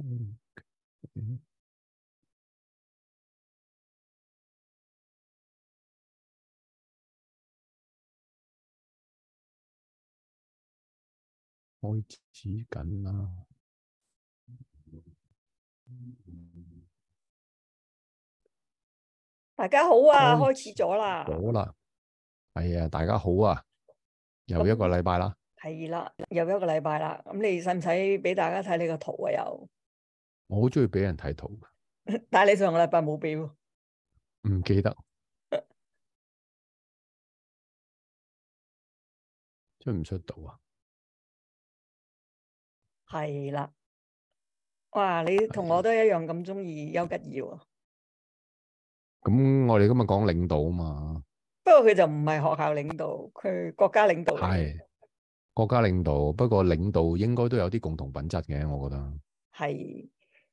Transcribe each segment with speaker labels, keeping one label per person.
Speaker 1: Okay. 開始緊啦！大家好啊，開始
Speaker 2: 咗啦，
Speaker 3: 好啦，係啊，大家好啊，又一個禮拜啦，
Speaker 2: 係啦，又一個禮拜啦，咁你使唔使俾大家睇你個圖啊？又？
Speaker 3: 我好中意俾人睇圖嘅
Speaker 1: 但係你上個禮拜冇表，唔記得 出唔出到啊？係啦，哇！你同
Speaker 2: 我都一樣咁中意丘吉爾啊！
Speaker 3: 咁我哋今日講領導啊嘛，
Speaker 2: 不過佢就唔係學校領導，佢國家領導嚟，
Speaker 3: 係國家領導。不過領導應該都有啲共同品質嘅，我覺得
Speaker 2: 係。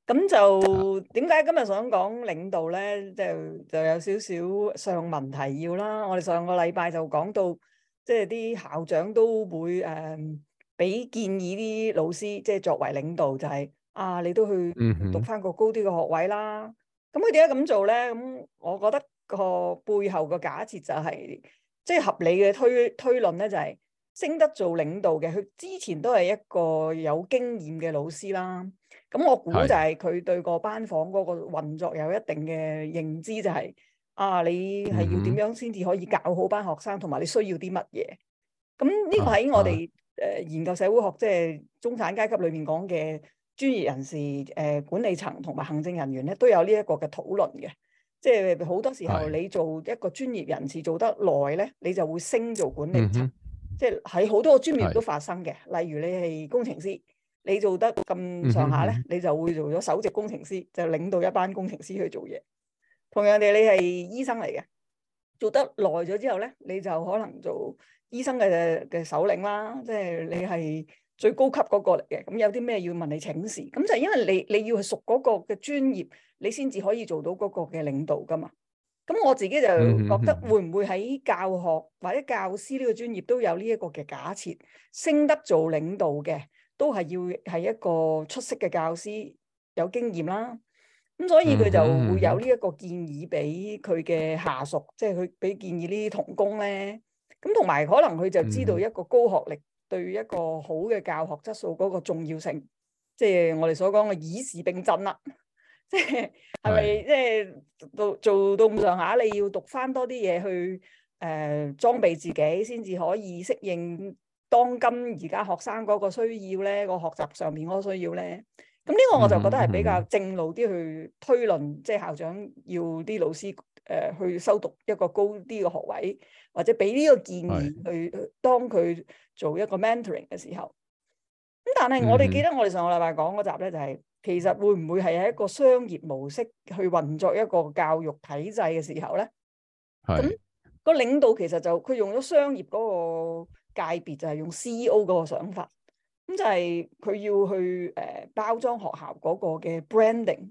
Speaker 2: 咁就點解今日想講領導咧？即係，就有少少上文提要啦。我哋上個禮拜就講到，即係啲校長都會誒俾、嗯、建議啲老師，即、就、係、是、作為領導，就係、是、啊，你都去讀翻個高啲嘅學位啦。咁佢點解咁做咧？咁我覺得個背後個假設就係、是，即、就、係、是、合理嘅推推論咧、就是，就係升得做領導嘅，佢之前都係一個有經驗嘅老師啦。咁我估就係佢對個班房嗰個運作有一定嘅認知、就是，就係啊，你係要點樣先至可以教好班學生，同埋你需要啲乜嘢？咁呢個喺我哋誒、啊呃、研究社會學，即係中產階級裏面講嘅專業人士誒、呃、管理層同埋行政人員咧，都有呢一個嘅討論嘅。即係好多時候你做一個專業人士做得耐咧，你就會升做管理層、嗯。即係喺好多個專業都發生嘅，例如你係工程師。你做得咁上下咧，你就會做咗首席工程師，就領導一班工程師去做嘢。同樣地，你係醫生嚟嘅，做得耐咗之後咧，你就可能做醫生嘅嘅首領啦，即係你係最高級嗰個嚟嘅。咁有啲咩要問你請示？咁就係因為你你要熟嗰個嘅專業，你先至可以做到嗰個嘅領導㗎嘛。咁我自己就覺得會唔會喺教學或者教師呢個專業都有呢一個嘅假設，升得做領導嘅？都係要係一個出色嘅教師，有經驗啦。咁所以佢就會有呢一個建議俾佢嘅下屬，mm -hmm. 即係佢俾建議呢啲同工咧。咁同埋可能佢就知道一個高學歷對一個好嘅教學質素嗰個重要性，mm -hmm. 即係我哋所講嘅以時並進啦。 是是 right. 即係係咪即係到做到咁上下，你要讀翻多啲嘢去誒裝備自己，先至可以適應。當今而家學生嗰個需要咧，個學習上面嗰個需要咧，咁呢個我就覺得係比較正路啲去推論，即、嗯、係、就是、校長要啲老師誒、呃、去修讀一個高啲嘅學位，或者俾呢個建議去當佢做一個 mentoring 嘅時候。咁但係我哋記得我哋上個禮拜講嗰集咧、就係，就、嗯、係其實會唔會係一個商業模式去運作一個教育體制嘅時候咧？咁、個領導其實就佢用咗商業嗰、個。界別就係用 CEO 嗰個想法，咁就係佢要去誒、呃、包裝學校嗰個嘅 branding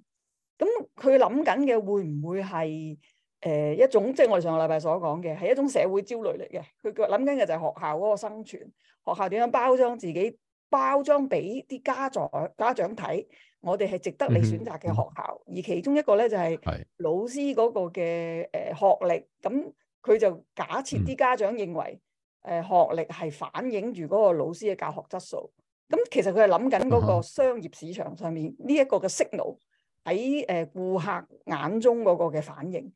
Speaker 2: 會會。咁佢諗緊嘅會唔會係誒一種，即、就、係、是、我哋上個禮拜所講嘅，係一種社會焦慮嚟嘅。佢諗緊嘅就係學校嗰個生存，學校點樣包裝自己，包裝俾啲家長家長睇，我哋係值得你選擇嘅學校、嗯。而其中一個咧就係老師嗰個嘅誒、呃、學歷。咁佢就假設啲家長認為。嗯誒學歷係反映住嗰個老師嘅教學質素，咁其實佢係諗緊嗰個商業市場上面呢一個嘅 signal 喺誒顧客眼中嗰個嘅反應。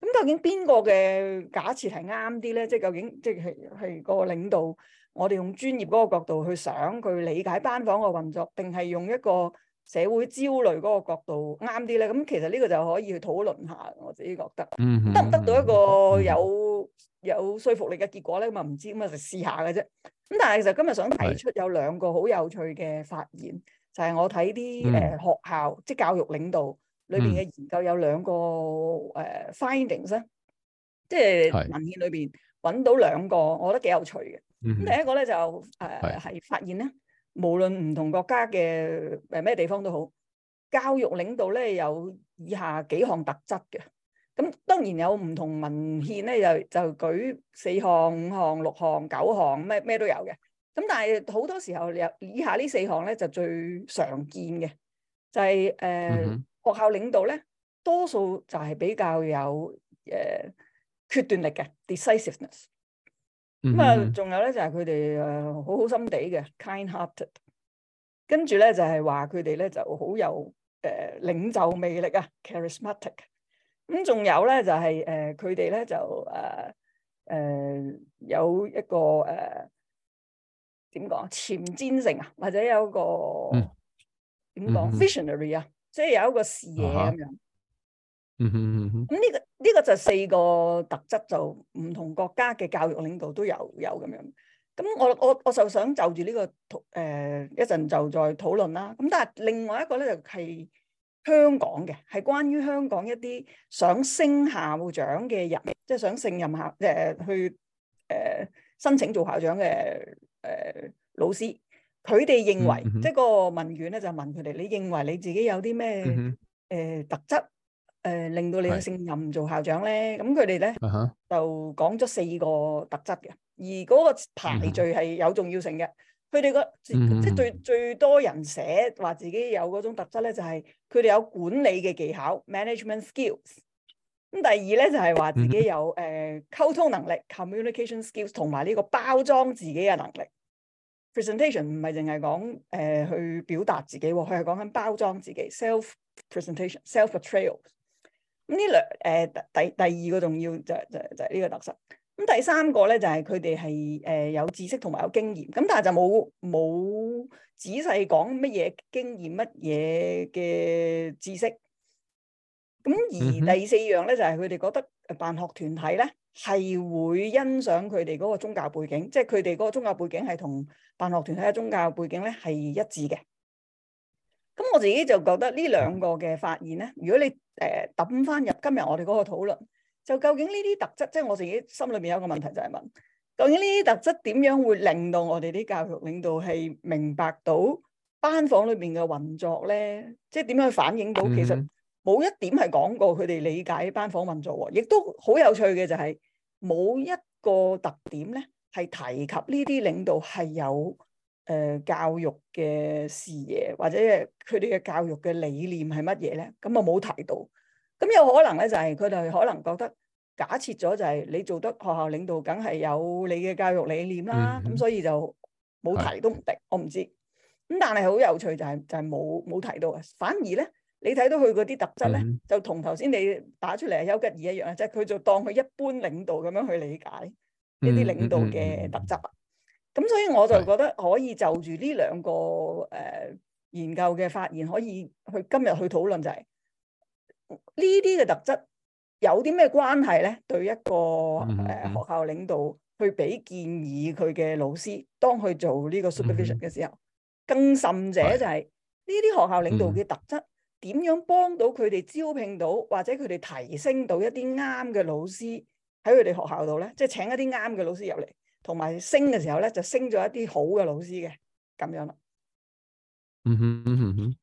Speaker 2: 咁究竟邊個嘅假設係啱啲咧？即係究竟即係係個領導，我哋用專業嗰個角度去想佢理解班房嘅運作，定係用一個社會焦慮嗰個角度啱啲咧？咁其實呢個就可以去討論下，我自己覺得，
Speaker 1: 得唔得到一個
Speaker 2: 有有說服力嘅結果咧，咁啊唔知，咁啊就試下嘅啫。咁但係其實今日想提出有兩個好有趣嘅發現，就係我睇啲誒學校即係教育領導裏邊嘅研究有兩個誒 findings 咧，即係文獻裏邊揾到兩個，我覺得幾有趣嘅。咁第一個咧就誒係發現咧，無論唔同國家嘅誒咩地方都好，教育領導咧有以下幾項特質嘅。咁當然有唔同文獻咧，又就，就舉四項、五項、六項、九項，咩咩都有嘅。咁但係好多時候，有以下呢四項咧就最常見嘅，就係、是、誒、呃 mm -hmm. 學校領導咧，多數就係比較有誒、呃、決斷力嘅 decisiveness。
Speaker 1: 咁啊、呃，
Speaker 2: 仲、mm -hmm. 有咧就係佢哋誒好好心地嘅 kind-hearted。跟住咧就係話佢哋咧就好有誒、呃、領袖魅力啊 charismatic。咁仲有咧就係誒佢哋咧就誒誒有一個誒點講前瞻性啊，或者有一個點講 visionary 啊，即係有一個視野咁樣。嗯嗯嗯嗯。咁呢個呢個就四個特質，就唔同國家嘅教育領導都有有咁樣。咁我我我就想就住呢個討誒一陣就再討論啦。咁但係另外一個咧就係。香港嘅係關於香港一啲想升校長嘅人，即係想勝任校，誒去誒申請做校長嘅誒老師，佢哋認為即係個問卷咧就問佢哋，你認為你自己有啲咩誒特質誒令到你去勝任做校長咧？咁佢哋咧就講咗四個特質嘅，而嗰個排序係有重要性嘅。佢哋個即係最最多人寫話自己有嗰種特質咧，就係佢哋有管理嘅技巧 （management skills）。咁第二咧就係、是、話自己有誒、呃、溝通能力 （communication skills） 同埋呢個包裝自己嘅能力 （presentation）。唔係淨係講誒去表達自己，佢係講緊包裝自己 （self presentation, self b e t r a y a l 咁呢兩誒、呃、第第二個重要就是、就就係呢個特質。咁第三個咧就係佢哋係誒有知識同埋有經驗，咁但係就冇冇仔細講乜嘢經驗乜嘢嘅知識。咁而第四樣咧就係佢哋覺得辦學團體咧係會欣賞佢哋嗰個宗教背景，即係佢哋嗰個宗教背景係同辦學團體嘅宗教背景咧係一致嘅。咁我自己就覺得呢兩個嘅發現咧，如果你誒揼翻入今日我哋嗰個討論。就究竟呢啲特質，即係我自己心裏面有一個問題就係問：究竟呢啲特質點樣會令到我哋啲教育領導係明白到班房裏面嘅運作咧？即係點樣去反映到其實冇一點係講過佢哋理解班房運作喎。亦都好有趣嘅就係冇一個特點咧，係提及呢啲領導係有誒教育嘅視野，或者係佢哋嘅教育嘅理念係乜嘢咧？咁啊冇提到。咁有可能咧，就係佢哋可能覺得假設咗就係你做得學校領導，梗係有你嘅教育理念啦，咁所以就冇提都唔定，我唔知。咁但係好有趣就係就係冇冇提到嘅，反而咧你睇到佢嗰啲特質咧，就同頭先你打出嚟嘅邱吉爾一樣，即係佢就當佢一般領導咁樣去理解
Speaker 1: 呢啲領導嘅
Speaker 2: 特質。咁所以我就覺得可以就住呢兩個誒研究嘅發現，可以去今日去討論就係。呢啲嘅特質有啲咩關係咧？對一個誒、呃、學校領導去俾建議佢嘅老師，當佢做呢個 supervision 嘅時候，更甚者就係呢啲學校領導嘅特質，點樣幫到佢哋招聘到或者佢哋提升到一啲啱嘅老師喺佢哋學校度咧？即係請一啲啱嘅老師入嚟，同埋升嘅時候咧，就升咗一啲好嘅老師嘅咁樣啦。嗯嗯嗯。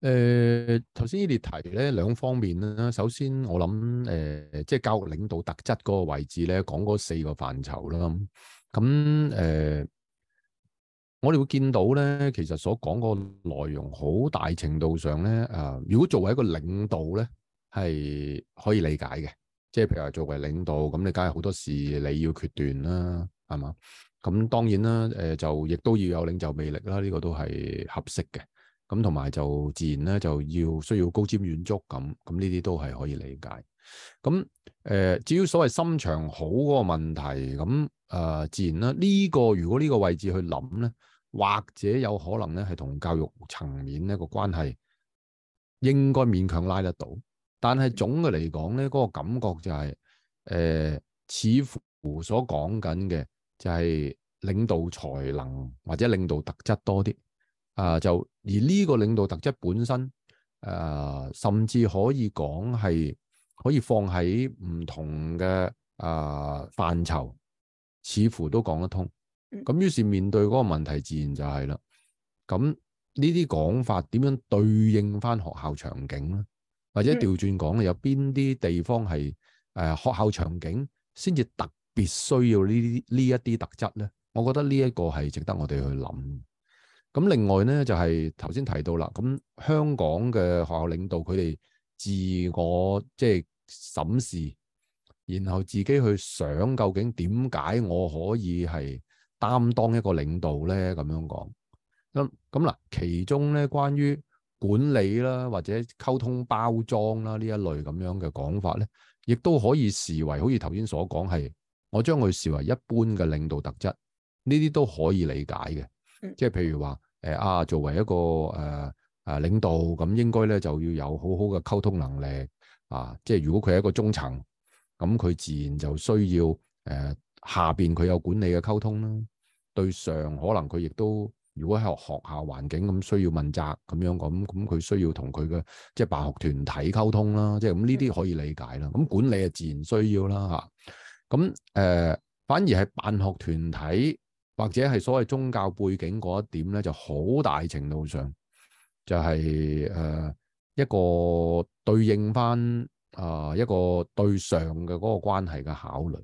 Speaker 3: 誒，頭先呢啲提咧兩方面啦。首先我諗，誒，即係教育領導特質嗰個位置咧，講嗰四個範疇啦。咁誒，我哋會見到咧，其實所講個內容好大程度上咧，呃，如果作為一個領導咧，係可以理解嘅。即係譬如話作為領導，咁你梗係好多事你要決斷啦，係嘛？咁當然啦，誒，就亦都要有領袖魅力啦，呢個都係合適嘅。咁同埋就自然咧，就要需要高瞻遠矚咁。咁呢啲都係可以理解。咁誒、呃，至於所謂心腸好嗰個問題，咁誒、呃、自然啦。呢、這個如果呢個位置去諗咧，或者有可能咧係同教育層面呢、那個關係，應該勉強拉得到。但係總嘅嚟講咧，嗰、那個感覺就係、是、誒、呃，似乎所講緊嘅就係領導才能或者領導特質多啲啊、呃，就。而呢個領導特質本身，誒、呃、甚至可以講係可以放喺唔同嘅誒範疇，似乎都講得通。咁於是面對嗰個問題，自然就係啦。咁呢啲講法點樣對應返學校場景咧？或者調轉講，有邊啲地方係誒、呃、學校場景先至特別需要這這些呢啲呢一啲特質咧？我覺得呢一個係值得我哋去諗。咁另外咧就係頭先提到啦，咁香港嘅學校領導佢哋自我即係審視，然後自己去想究竟點解我可以係擔當一個領導咧？咁樣講咁，咁嗱，其中咧關於管理啦或者溝通包裝啦呢一類咁樣嘅講法咧，亦都可以視為好似頭先所講係我將佢視為一般嘅領導特質，呢啲都可以理解嘅，即係譬如話。誒啊！作為一個誒誒領導，咁應該咧就要有好好嘅溝通能力啊！即係如果佢係一個中層，咁佢自然就需要誒、啊、下面佢有管理嘅溝通啦。對上可能佢亦都，如果喺學校環境咁需要問責咁樣咁，咁佢需要同佢嘅即係辦學團體溝通啦、啊。即係咁呢啲可以理解啦。咁管理啊自然需要啦嚇。咁、啊呃、反而係辦學團體。或者係所謂宗教背景嗰一點咧，就好大程度上就係、是、誒、呃、一個對應翻啊、呃、一個對上嘅嗰個關係嘅考慮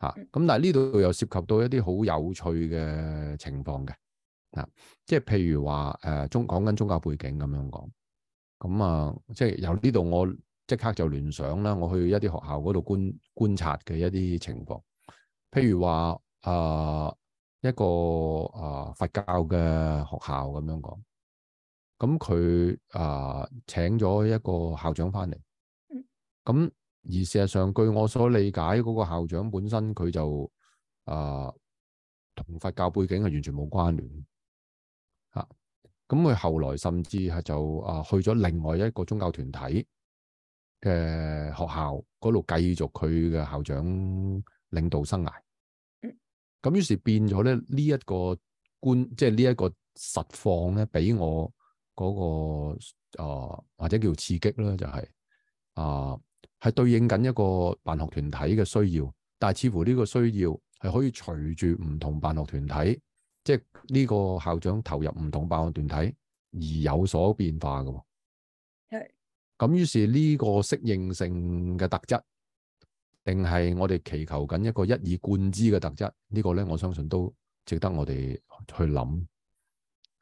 Speaker 3: 嚇。咁、啊、但係呢度又涉及到一啲好有趣嘅情況嘅嗱、啊，即係譬如話誒、呃，中講緊宗教背景咁樣講，咁啊，即係由呢度我即刻就聯想啦，我去一啲學校嗰度觀觀察嘅一啲情況，譬如話啊。呃一個誒、呃、佛教嘅學校咁樣講，咁佢誒請咗一個校長返嚟，咁而事實上據我所理解的，嗰、那個校長本身佢就誒同、呃、佛教背景係完全冇關聯吓，咁、啊、佢後來甚至係就誒去咗另外一個宗教團體嘅學校嗰度繼續佢嘅校長領導生涯。咁於是變咗咧呢一個觀，即係呢一個實況咧，俾我嗰個啊或者叫刺激啦，就是，就係啊係對應緊一個辦學團體嘅需要，但係似乎呢個需要係可以隨住唔同辦學團體，即係呢個校長投入唔同辦學團體而有所變化嘅。係咁於是呢個適應性嘅特質。定係我哋祈求緊一個一以貫之嘅特質，這個、呢個咧，我相信都值得我哋去諗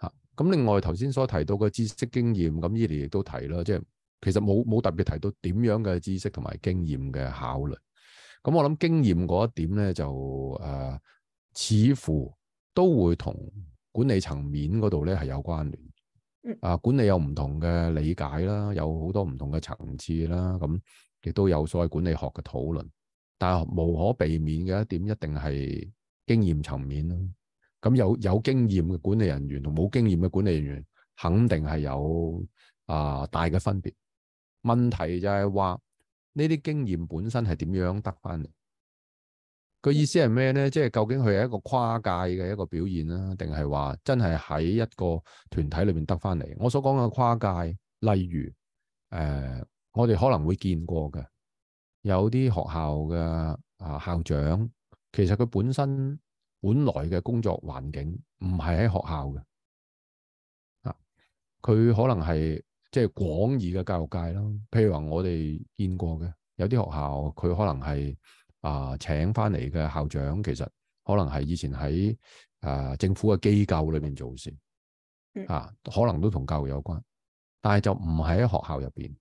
Speaker 3: 吓。咁、啊、另外頭先所提到嘅知識經驗，咁依嚟亦都提啦，即係其實冇冇特別提到點樣嘅知識同埋經驗嘅考慮。咁我諗經驗嗰一點咧就誒、呃，似乎都會同管理層面嗰度咧係有關聯。啊，管理有唔同嘅理解啦，有好多唔同嘅層次啦，咁亦都有所謂管理學嘅討論，但係無可避免嘅一點，一定係經驗層面啦。咁有有經驗嘅管理人員同冇經驗嘅管理人員，肯定係有啊大嘅分別。問題就係話呢啲經驗本身係點樣得翻嚟？個意思係咩咧？即係究竟佢係一個跨界嘅一個表現啦、啊，定係話真係喺一個團體裏邊得翻嚟？我所講嘅跨界，例如誒、呃，我哋可能會見過嘅，有啲學校嘅啊校長，其實佢本身本來嘅工作環境唔係喺學校嘅啊，佢可能係即係廣義嘅教育界咯。譬如話，我哋見過嘅有啲學校，佢可能係。啊、呃，請返嚟嘅校長，其實可能係以前喺、呃、政府嘅機構裏面做事、
Speaker 1: 嗯，啊，
Speaker 3: 可能都同教育有關，但係就唔喺學校入邊，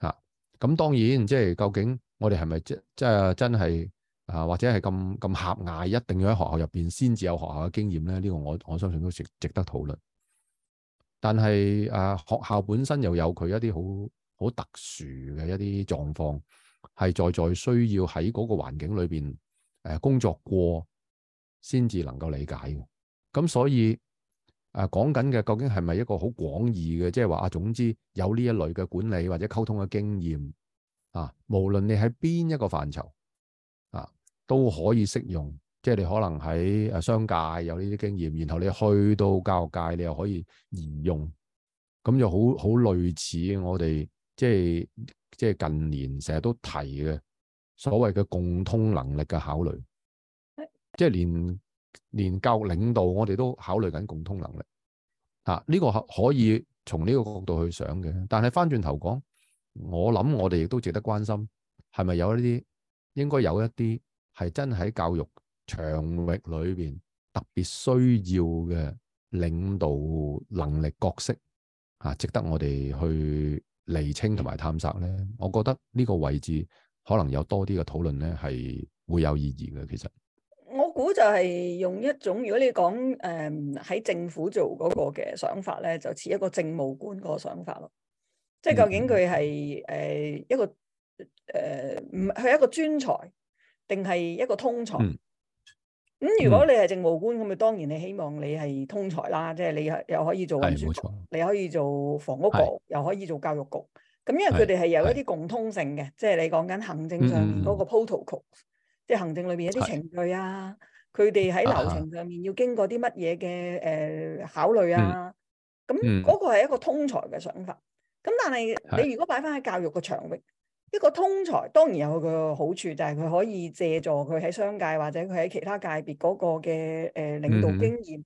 Speaker 3: 吓、啊、咁當然，即係究竟我哋係咪即即係真係啊，或者係咁咁狹隘，一定要喺學校入邊先至有學校嘅經驗咧？呢、這個我我相信都值值得討論，但係誒、啊、學校本身又有佢一啲好好特殊嘅一啲狀況。係在在需要喺嗰個環境裏邊誒工作過，先至能夠理解嘅。咁所以誒、啊、講緊嘅究竟係咪一個好廣義嘅，即係話啊，總之有呢一類嘅管理或者溝通嘅經驗啊，無論你喺邊一個範疇啊都可以適用。即係你可能喺誒商界有呢啲經驗，然後你去到教育界你又可以沿用，咁就好好類似我哋即係。即、就、係、是、近年成日都提嘅所謂嘅共通能力嘅考慮，即、就、係、是、連連教育領導，我哋都考慮緊共通能力。啊，呢、這個可以從呢個角度去想嘅。但係翻轉頭講，我諗我哋亦都值得關心，係咪有一啲應該有一啲係真喺教育場域裏面特別需要嘅領導能力角色啊？值得我哋去厘清同埋探索咧，我覺得呢個位置可能有多啲嘅討論咧，係會有意義嘅。其實
Speaker 2: 我估就係用一種，如果你講誒喺政府做嗰個嘅想法咧，就似一個政務官個想法咯。
Speaker 3: 即係究竟佢
Speaker 2: 係誒一個誒唔係一個專才，定係一個通才？嗯咁、嗯、如果你係政務官咁，咪、嗯、當然你是希望你係通才啦，即、就、係、是、你又可以做選舉局，你可以做房屋局，又可以做教育局。咁因為佢哋係有一啲共通性嘅，即係你講緊行政上面嗰個 protocol，即係行政裏面一啲程序啊，佢哋喺流程上面要經過啲乜嘢嘅誒考慮啊。咁、呃、嗰、嗯、個係一個通才嘅想法。咁、嗯、但係你如果擺翻喺教育嘅場域。一個通才當然有佢嘅好處，就係佢可以借助佢喺商界或者佢喺其他界別嗰個嘅誒領導經驗，誒、嗯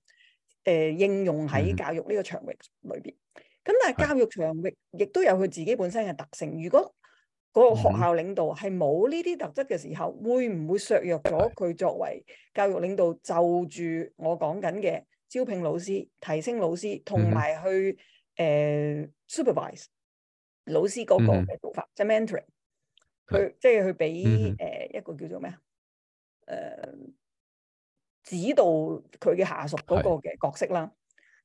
Speaker 2: 呃、應用喺教育呢個場域裏邊。咁、嗯、但係教育場域亦都有佢自己本身嘅特性。如果嗰個學校領導係冇呢啲特質嘅時候，嗯、會唔會削弱咗佢作為教育領導，就住我講緊嘅招聘老師、提升老師同埋去誒、嗯呃、supervise？老師嗰個嘅做法，嗯就是 mentoring，他嗯、即係 mentor，i n 佢即係佢俾誒一個叫做咩啊？誒、呃，指導佢嘅下屬嗰個嘅角色啦。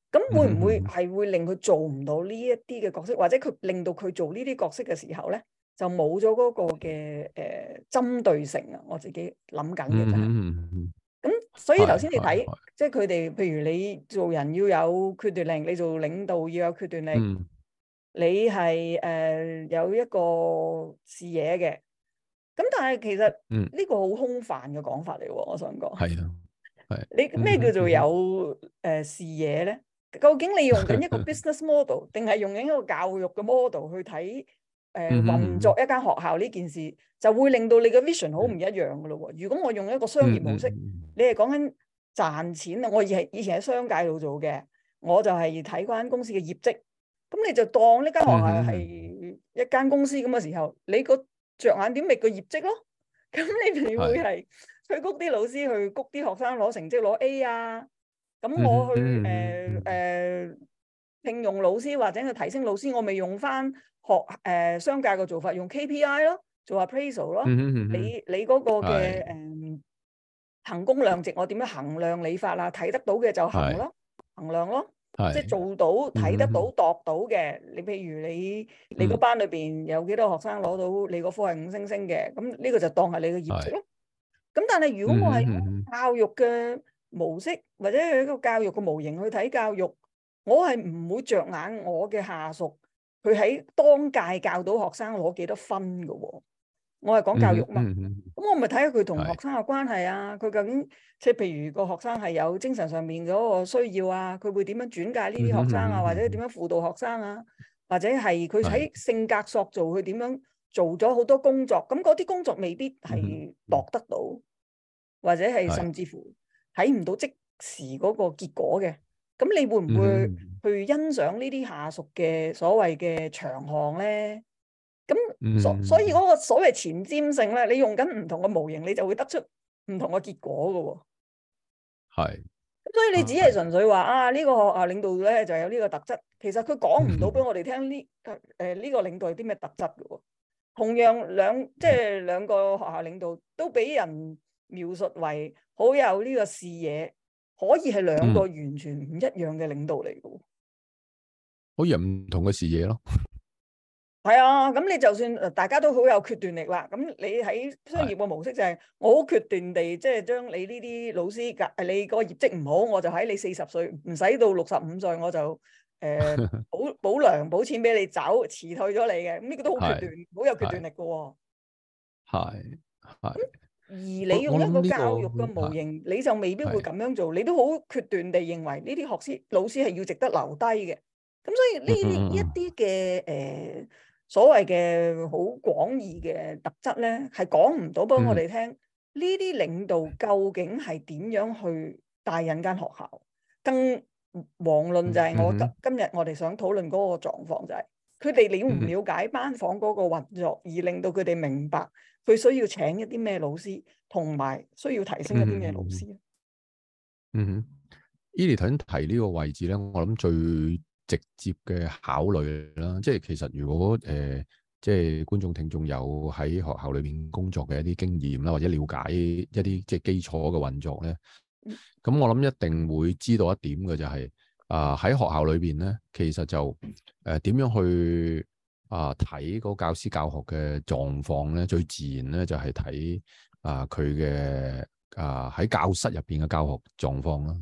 Speaker 2: 咁會唔會係會令佢做唔到呢一啲嘅角色，會會會他角色嗯、或者佢令到佢做呢啲角色嘅時候咧，就冇咗嗰個嘅誒針對性啊？我自己諗緊嘅就
Speaker 1: 係，咁、嗯、所以頭先你睇，
Speaker 2: 即係佢哋，譬如你做人要有決斷力，你做領導要有決斷力。嗯.你係誒、呃、有一個視野嘅，咁但係其實呢個好空泛嘅講法嚟喎、嗯，我想講。係啊，係。你咩叫做有誒、嗯呃、視野咧？究竟你用緊一個 business model，定 係用緊一個教育嘅 model 去睇誒、呃嗯、運作一間學校呢件事，就會令到你嘅 vision 好唔一樣噶咯喎。如果我用一個商業模式，嗯、你係講緊賺錢啦，我而係以前喺商界度做嘅，我就係睇嗰間公司嘅業績。咁你就當呢間學校係一間公司咁嘅時候，mm -hmm. 你個着眼點咪個業績咯。咁 你會係去谷啲老師、mm -hmm. 去谷啲學生攞成績攞 A 啊。咁我去誒誒、mm -hmm. 呃呃、聘用老師或者去提升老師，我咪用翻學誒、呃、商界嘅做法，用 KPI 咯，做下 appraisal 咯。Mm -hmm. 你你嗰個嘅誒、mm -hmm. 嗯、行功量值，我點樣衡量你法啦？睇得到嘅就行咯，衡、mm -hmm. 量咯。即係、就是、做到睇得到、嗯、度到嘅，你譬如你你個班裏邊有幾多學生攞到你個科系五星星嘅，咁呢個就當係你嘅業績咯。咁但係如果我係教育嘅模式、嗯、或者係一個教育嘅模型去睇教育，我係唔會着眼我嘅下屬，佢喺當屆教到學生攞幾多分嘅。我係講教育嘛，咁、嗯嗯嗯、我咪睇下佢同學生嘅關係啊。佢究竟，即係譬如個學生係有精神上面嗰個需要啊，佢會點樣轉介呢啲學生啊，或者點樣輔導學生啊，或者係佢喺性格塑造佢點樣做咗好多工作。咁嗰啲工作未必係獲得到，嗯、或者係甚至乎睇唔到即時嗰個結果嘅。咁、嗯、你會唔會去欣賞呢啲下屬嘅所謂嘅長項咧？
Speaker 3: 咁所所
Speaker 2: 以嗰個所謂前瞻性咧，你用緊唔同嘅模型，你就會得出唔同嘅結果噶喎、哦。係。所以你只係純粹話啊呢、呢個學校領導咧就有呢個特質，其實佢講唔到俾我哋聽呢，誒呢個領導有啲咩特質噶喎。同樣兩即係兩個學校領導都俾人描述為好有呢個視野，可以係兩個完全唔一樣嘅領導嚟噶、嗯。
Speaker 3: 好似唔同嘅視野咯。
Speaker 2: 係啊，咁你就算大家都好有決斷力啦。咁你喺商業嘅模式就係我好決斷地，即係將你呢啲老師嘅，你個業績唔好，我就喺你四十歲，唔使到六十五歲，我就誒、呃、保保糧保錢俾你走，辭退咗你嘅。咁呢個都好決斷，好有決斷力嘅
Speaker 1: 喎、哦。係，
Speaker 2: 而你用一個教育嘅模型、這個，你就未必會咁樣做。你都好決斷地認為呢啲學師老師係要值得留低嘅。咁所以呢啲一啲嘅誒。嗯呃所謂嘅好廣義嘅特質咧，係講唔到俾我哋聽。呢、嗯、啲領導究竟係點樣去帶引間學校？更遑論就係我今、嗯、今日我哋想討論嗰個狀況、就係，就係佢哋了唔瞭解班房嗰個運作，嗯、而令到佢哋明白佢需要請一啲咩老師，同埋需要提升一啲咩老師。嗯
Speaker 3: ，Eli 頭先提呢個位置咧，我諗最直接嘅考慮啦，即係其實如果誒、呃，即係觀眾聽眾有喺學校裏面工作嘅一啲經驗啦，或者了解一啲即係基礎嘅運作咧，咁我諗一定會知道一點嘅就係啊喺學校裏邊咧，其實就誒點、呃、樣去啊睇、呃、個教師教學嘅狀況咧，最自然咧就係睇啊佢嘅啊喺教室入邊嘅教學狀況啦。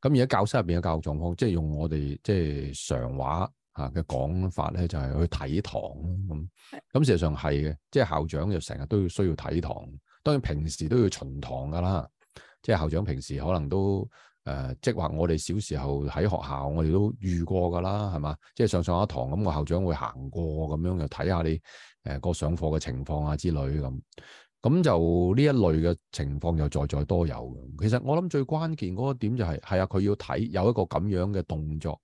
Speaker 3: 咁而家教室入邊嘅教育狀況，即係用我哋即係常話吓嘅講法咧，就係去睇堂咁。咁事實上係嘅，即係校長就成日都要需要睇堂，當然平時都要巡堂噶啦。即係校長平時可能都誒，即係話我哋小時候喺學校，我哋都遇過噶啦，係嘛？即係上上一堂咁，個校長會行過咁樣，就睇下你誒個上課嘅情況啊之類咁。咁就呢一類嘅情況又在在多有嘅。其實我諗最關鍵嗰個點就係、是、係啊，佢要睇有一個咁樣嘅動作。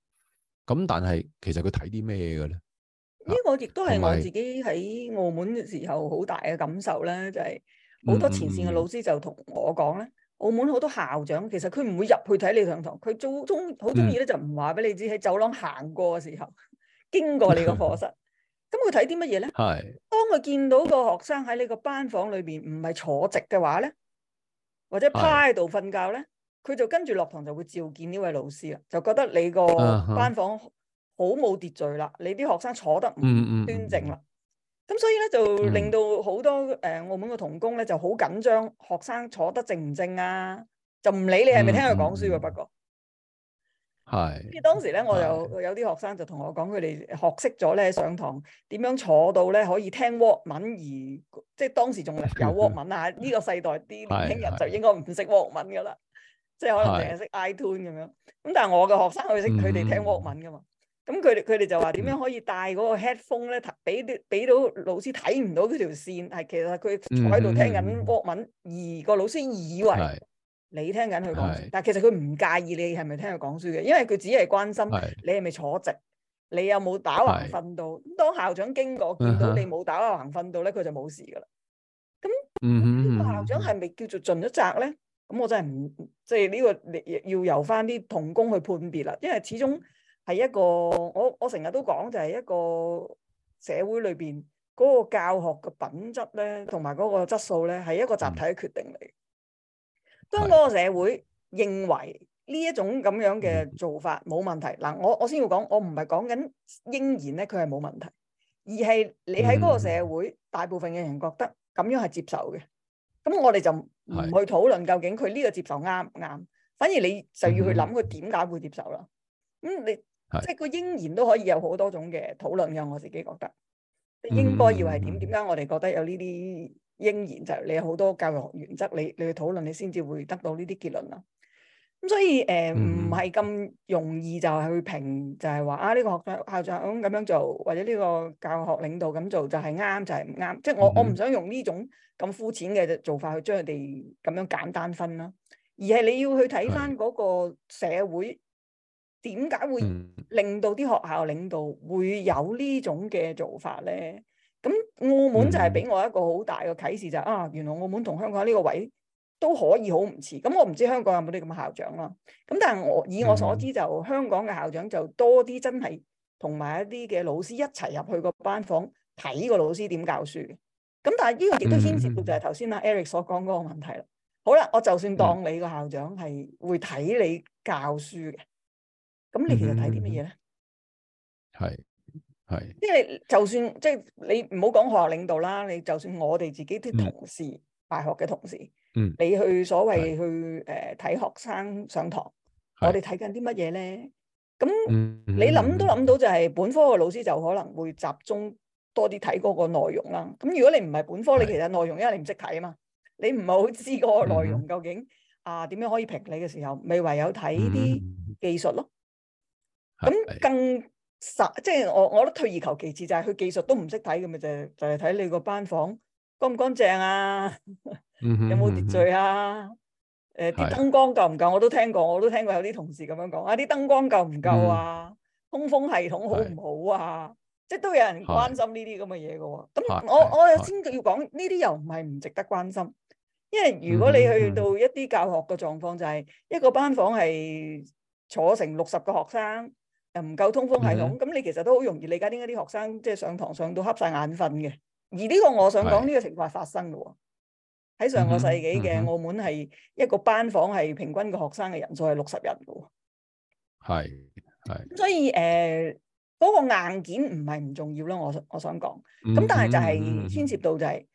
Speaker 3: 咁但係其實佢睇啲咩嘅咧？
Speaker 1: 呢、這個亦都係我
Speaker 3: 自
Speaker 2: 己喺澳門嘅時候好大嘅感受啦，就係、是、
Speaker 3: 好多前線嘅老
Speaker 2: 師就同我講咧、嗯，澳門好多校長其實佢唔會入去睇你上堂，佢中好中意咧就唔話俾你知喺走廊行過嘅時候經過你個課室。 咁佢睇啲乜嘢咧？係當佢見到個學生喺呢個班房裏邊唔係坐直嘅話咧，或者趴喺度瞓覺咧，佢就跟住落堂就會召見呢位老師啦，就覺得你個班房好冇秩序啦，uh -huh. 你啲學生坐得唔端正啦。咁、mm -hmm. 所以咧就令到好多誒、呃、澳門嘅同工咧就好緊張，學生坐得正唔正啊？就唔理你係咪聽佢講書嘅，mm -hmm. 不過。係，咁當時咧，我就有有啲學生就同我講，佢哋學識咗咧，上堂點樣坐到咧可以聽 Walkman，而即係當時仲有 Walkman 啊！呢 個世代啲年輕人就應該唔識 Walkman 噶啦，即係可能淨係識 iTune 咁樣。咁但係我嘅學生佢識，佢、嗯、哋聽 Walkman 噶嘛。咁佢哋佢哋就話點樣可以戴嗰個 headphone 咧，俾啲俾到老師睇唔到嗰條線，係其實佢喺度聽緊 Walkman，嗯、而個老師以為。你聽緊佢講，但係其實佢唔介意你係咪聽佢講書嘅，因為佢只係關心你係咪坐直，你有冇打橫瞓到。當校長經過，見、啊、到你冇打橫瞓到咧，佢就冇事噶啦。
Speaker 1: 咁校長
Speaker 2: 係咪叫做盡咗責咧？咁、嗯嗯、我真係唔即係呢個要由翻啲同工去判別啦。因為始終係一個我我成日都講就係一個社會裏邊嗰個教學嘅品質咧，同埋嗰個質素咧，係一個集體嘅決定嚟。嗯當嗰個社會認為呢一種咁樣嘅做法冇問題，嗱、嗯、我我先要講，我唔係講緊應然咧，佢係冇問題，而係你喺嗰個社會、嗯、大部分嘅人覺得咁樣係接受嘅，咁我哋就唔去討論究竟佢呢個接受啱唔啱，反而你就要去諗佢點解會接受啦。咁、嗯、你即係佢應然都可以有好多種嘅討論嘅，我自己覺得
Speaker 1: 應該要係
Speaker 2: 點？點、嗯、解我哋覺得有呢啲？應然就係你有好多教育原則，你你去討論，你先至會得到呢啲結論啦。咁所以誒，唔係咁容易就去評，就係話，啊，呢個校長校長咁樣做，或者呢個教學領導咁做，就係啱，就係唔啱。即係我我唔想用呢種咁膚淺嘅做法去將佢哋咁樣簡單分啦，而係你要去睇翻嗰個社會點解會令到啲學校領導會有呢種嘅做法咧？咁澳門就係俾我一個好大嘅啟示就係、是嗯、啊，原來澳門同香港呢個位都可以好唔似。咁我唔知香港有冇啲咁嘅校長啦？啊。咁但係我以我所知、嗯、就香港嘅校長就多啲真係同埋一啲嘅老師一齊入去個班房睇個老師點教書。咁但係呢個亦都牽涉到就係頭先阿 Eric 所講嗰個問題啦、嗯。好啦，我就算當你個校長係會睇你教書嘅，
Speaker 1: 咁、嗯、你其實睇啲乜嘢咧？係、嗯。
Speaker 2: 係，因為即、就、係、是、就算即係、就是、你唔好講學校領導啦，你就算我哋自己啲同事，大、嗯、學嘅同事，
Speaker 1: 嗯，你
Speaker 2: 去所謂去誒睇、呃、學生上堂，我哋睇緊啲乜嘢咧？
Speaker 1: 咁、嗯、你諗都
Speaker 2: 諗到就係本科嘅老師就可能會集中多啲睇嗰個內容啦。咁如果你唔係本科，你其實內容因為你唔識睇啊嘛，你唔係好知嗰個內容、嗯、究竟啊點樣可以評你嘅時候，咪唯有睇啲技術咯。咁、嗯、更。即係我，我都退而求其次，就係、是、佢技術都唔識睇咁咪就係就係睇你個班房乾唔乾淨啊，
Speaker 1: 有冇秩序
Speaker 2: 啊？誒、嗯，啲、呃、燈光夠唔夠？我都聽過，我都聽過有啲同事咁樣講啊，啲燈光夠唔夠啊？通、嗯、風系統好唔好啊？的即係都有人關心呢啲咁嘅嘢嘅。咁我的我，我先要講呢啲又唔係唔值得關心，因為如果你去到一啲教學嘅狀況，嗯、就係、是、一個班房係坐成六十個學生。唔夠通風系統，咁、mm -hmm. 你其實都好容易理解點解啲學生即係、就是、上堂上到瞌晒眼瞓嘅。而呢個我想講呢、這個情況發生嘅喎，喺上個世紀嘅澳門係一個班房係平均嘅學生嘅人數係六十人嘅
Speaker 3: 喎。係、mm -hmm.
Speaker 2: 所以誒，嗰、mm -hmm. 呃那個硬件唔係唔重要咯。我我想講，咁但係就係牽涉到就係、是，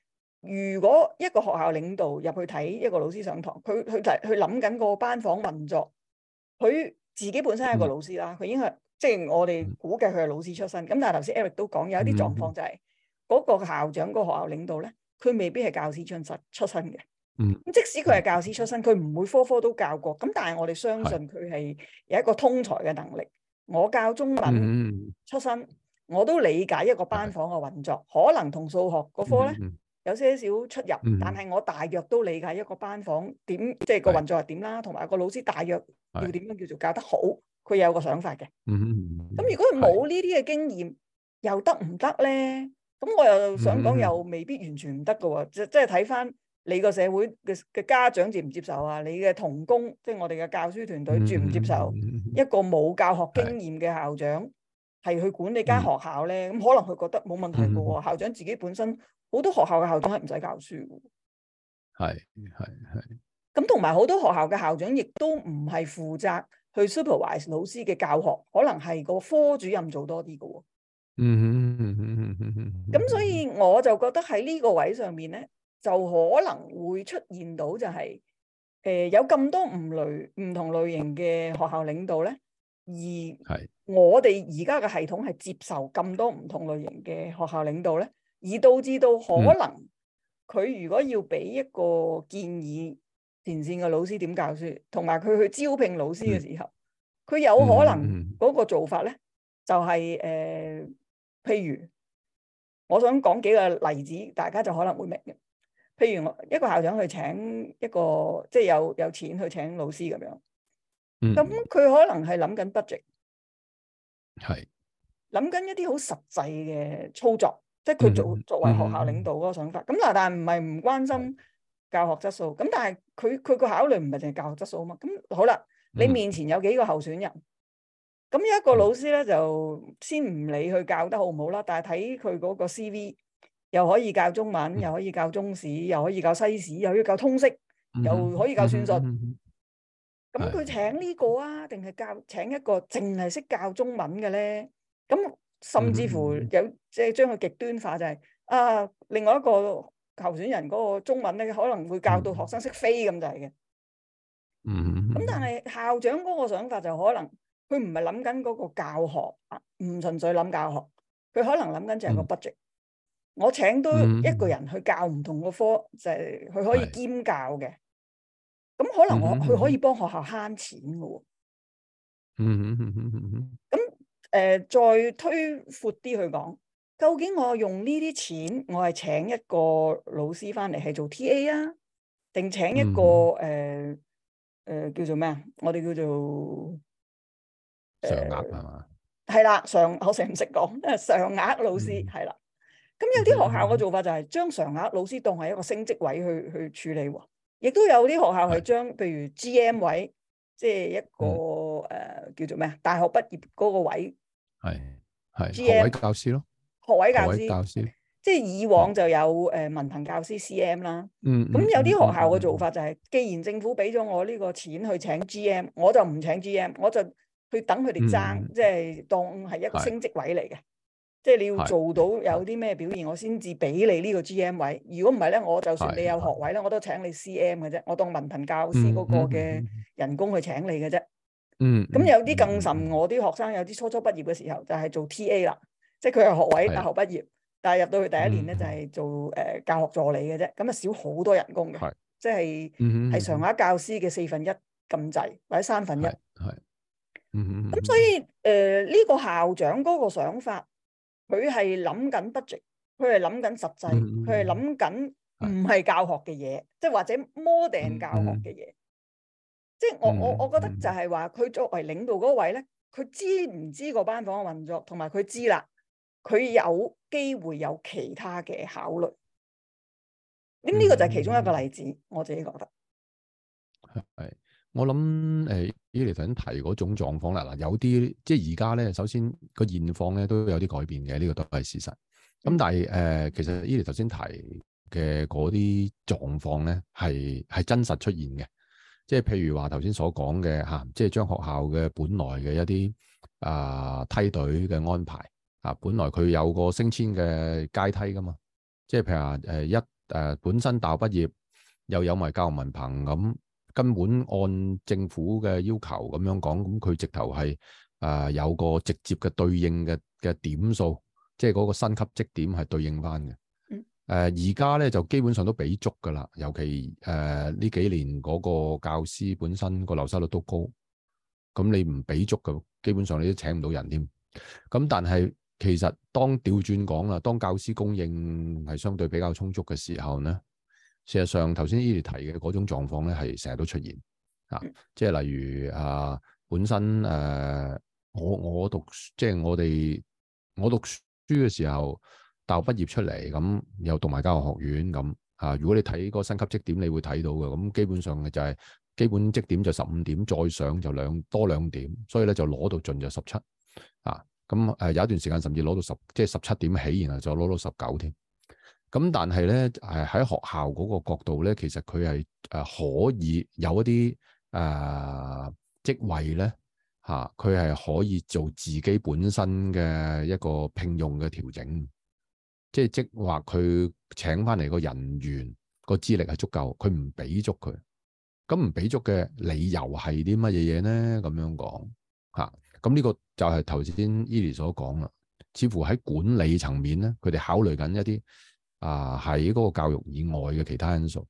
Speaker 2: 如果一個學校領導入去睇一個老師上堂，佢佢就係佢諗緊個班房運作，佢自己本身係一個老師啦，佢應該即係我哋估計佢係老師出身，咁但係頭先 Eric 都講有一啲狀況就係嗰個校長、嗰個學校領導咧，佢未必係教師出身出身嘅。嗯，即使佢係教師出身，佢唔會科科都教過。咁但係我哋相信佢係有一個通才嘅能力。我教中文出身，我都理解一個班房嘅運作，可能同數學嗰科咧有些少出入，但係我大約都理解一個班房點，即係個運作係點啦，同埋個老師大約要點樣叫做教得好。佢有個想法嘅，咁、嗯、如果佢冇呢啲嘅經驗，又得唔得呢？咁我又想講，又未必完全唔得嘅喎。即即係睇翻你個社會嘅嘅家長接唔接受啊？嗯、你嘅同工，即、就、係、是、我哋嘅教書團隊，接、嗯、唔接受一個冇教學經驗嘅校長係去管理間學校呢？咁、嗯、可能佢覺得冇問題嘅喎、哦嗯。校長自己本身好多學校嘅校長係唔使教書嘅，
Speaker 1: 係係係。
Speaker 2: 咁同埋好多學校嘅校長亦都唔係負責，去 supervise 老師嘅教學，可能係個科主任做多啲㗎喎。嗯嗯嗯
Speaker 1: 嗯嗯嗯。咁
Speaker 2: 所以我就覺得喺呢個位上面咧，就可能會出現到就係、是，誒、呃、有咁多唔類唔同類型嘅學校領導咧，而我哋而家嘅系統係接受咁多唔同類型嘅學校領導咧，而導致到可能佢如果要俾一個建議。Mm-hmm. 前線嘅老師點教書，同埋佢去招聘老師嘅時候，佢、嗯、有可能嗰個做法咧、嗯嗯、就係、是、誒、呃，譬如我想講幾個例子，大家就可能會明嘅。譬如我一個校長去請一個，即、就、係、是、有有錢去請老師咁樣。
Speaker 1: 嗯，咁
Speaker 2: 佢可能係諗緊 budget。
Speaker 1: 係
Speaker 2: 諗緊一啲好實際嘅操作，即係佢作作為學校領導嗰個想法。咁、嗯嗯、但係唔係唔關心。教學質素，咁但係佢佢個考慮唔係淨係教學質素啊嘛，咁好啦，你面前有幾個候選人，咁有一個老師咧就先唔理佢教得好唔好啦，但係睇佢嗰個 CV 又可以教中文，又可以教中史，又可以教西史，又可以教通識，
Speaker 1: 又可以教算術，咁佢
Speaker 2: 請呢個啊，定係教請一個淨係識教中文嘅咧？咁甚至乎有即係將佢極端化就係啊，另外一個。候選人嗰個中文咧，可能會教到學生識飛咁就係嘅。嗯，
Speaker 1: 咁、嗯嗯、
Speaker 2: 但係校長嗰個想法就是可能，佢唔係諗緊嗰個教學唔純粹諗教學，佢可能諗緊就係個 budget、嗯。我請多一個人去教唔同嘅科，嗯、就係、是、佢可以兼教嘅。咁可能我佢可以幫學校慳錢嘅。嗯嗯嗯嗯嗯
Speaker 1: 嗯。咁、嗯、
Speaker 2: 誒、嗯呃，再推闊啲去講。究竟我用呢啲錢，我係請一個老師翻嚟係做 T.A. 啊，定請一個誒誒、嗯呃呃、叫做咩啊？我哋叫做、呃、
Speaker 1: 常額係嘛？
Speaker 2: 係啦，常我常我成日唔識講，常額老師係啦。咁、嗯、有啲學校嘅做法就係將常額老師當係一個升職位去去處理喎。亦都有啲學校係將譬如 G.M. 位，即、就、係、是、一個誒、嗯呃、叫做咩啊？大學畢業嗰個位
Speaker 3: 係，係 G.M. 位教師咯。
Speaker 2: 學位，學位教師，即係以往就有誒、呃、文憑教師 C M 啦。嗯，咁有啲學校嘅做法就係、是嗯，既然政府俾咗我呢個錢去請 G M，我就唔請 G M，我就去等佢哋爭，嗯、即係當係一個升職位嚟嘅，嗯。即係你要做到有啲咩表現，是我先至俾你呢個 G M 位。如果唔係咧，我就算你有學位咧，我都請你 C M 嘅啫。我當文憑教師嗰個嘅人工去請你嘅啫。嗯、咁、嗯、有啲更甚，我啲學生有啲初初畢業嘅時候就係做 T A 啦。即係佢係學位大學畢業，是但係入到去第一年咧、嗯、就係、是、做誒、呃、教學助理嘅啫，咁啊少好多人工嘅，即係係上下教師嘅四分一咁滯，或者三分一。
Speaker 1: 係，咁、嗯、所以
Speaker 2: 誒呢、呃這個校長嗰個想法，佢係諗緊 budget，佢係諗緊實際，佢係諗緊唔係教學嘅嘢、嗯嗯，即係或者 model 教學嘅嘢。即係我我我覺得就係話佢作為領導嗰位咧，佢知唔知個班房嘅運作，同埋佢知啦。佢有機會有其他嘅考慮，咁、這、呢個就係其中一個例子。嗯、我自己覺得
Speaker 3: 係，我諗誒，Eli 頭先提嗰種狀況啦，嗱，有啲即係而家咧，首先個現況咧都有啲改變嘅，呢、這個都係事實。咁、嗯、但係誒、呃，其實 Eli 頭先提嘅嗰啲狀況咧，係係真實出現嘅，即係譬如話頭先所講嘅嚇，即係將學校嘅本來嘅一啲啊、呃、梯隊嘅安排。啊，本來佢有個升遷嘅階梯噶嘛，即係譬如話，誒一誒本身大學畢業又有埋教學文憑咁，根本按政府嘅要求咁樣講，咁佢直頭係誒有個直接嘅對應嘅嘅點數，即係嗰個新級職點係對應翻嘅。誒而家咧就基本上都俾足噶啦，尤其誒呢、呃、幾年嗰個教師本身、個流失率都高，咁你唔俾足嘅，基本上你都請唔到人添。咁但係。嗯其實當調轉講啦，當教師供應係相對比較充足嘅時候咧，事實上頭先 Eddie 提嘅嗰種狀況咧，係成日都出現啊。即係例如啊，本身誒、啊、我我讀即係我哋我讀書嘅時候，大學畢業出嚟咁又讀埋教學學院咁啊。如果你睇個新級積點，你會睇到嘅咁，基本上嘅就係基本積點就十五點，再上就兩多兩點，所以咧就攞到盡就十七啊。咁有一段時間甚至攞到十，即係十七點起，然後再攞到十九添。咁但係咧喺學校嗰個角度咧，其實佢係可以有一啲誒職位咧嚇，佢係可以做自己本身嘅一個聘用嘅調整，即係即話佢請翻嚟個人員個資歷係足夠，佢唔俾足佢，咁唔俾足嘅理由係啲乜嘢嘢咧？咁樣講嚇。咁呢個就係頭先 Eli 所講啦，似乎喺管理層面咧，佢哋考慮緊一啲啊喺嗰個教育以外嘅其他因素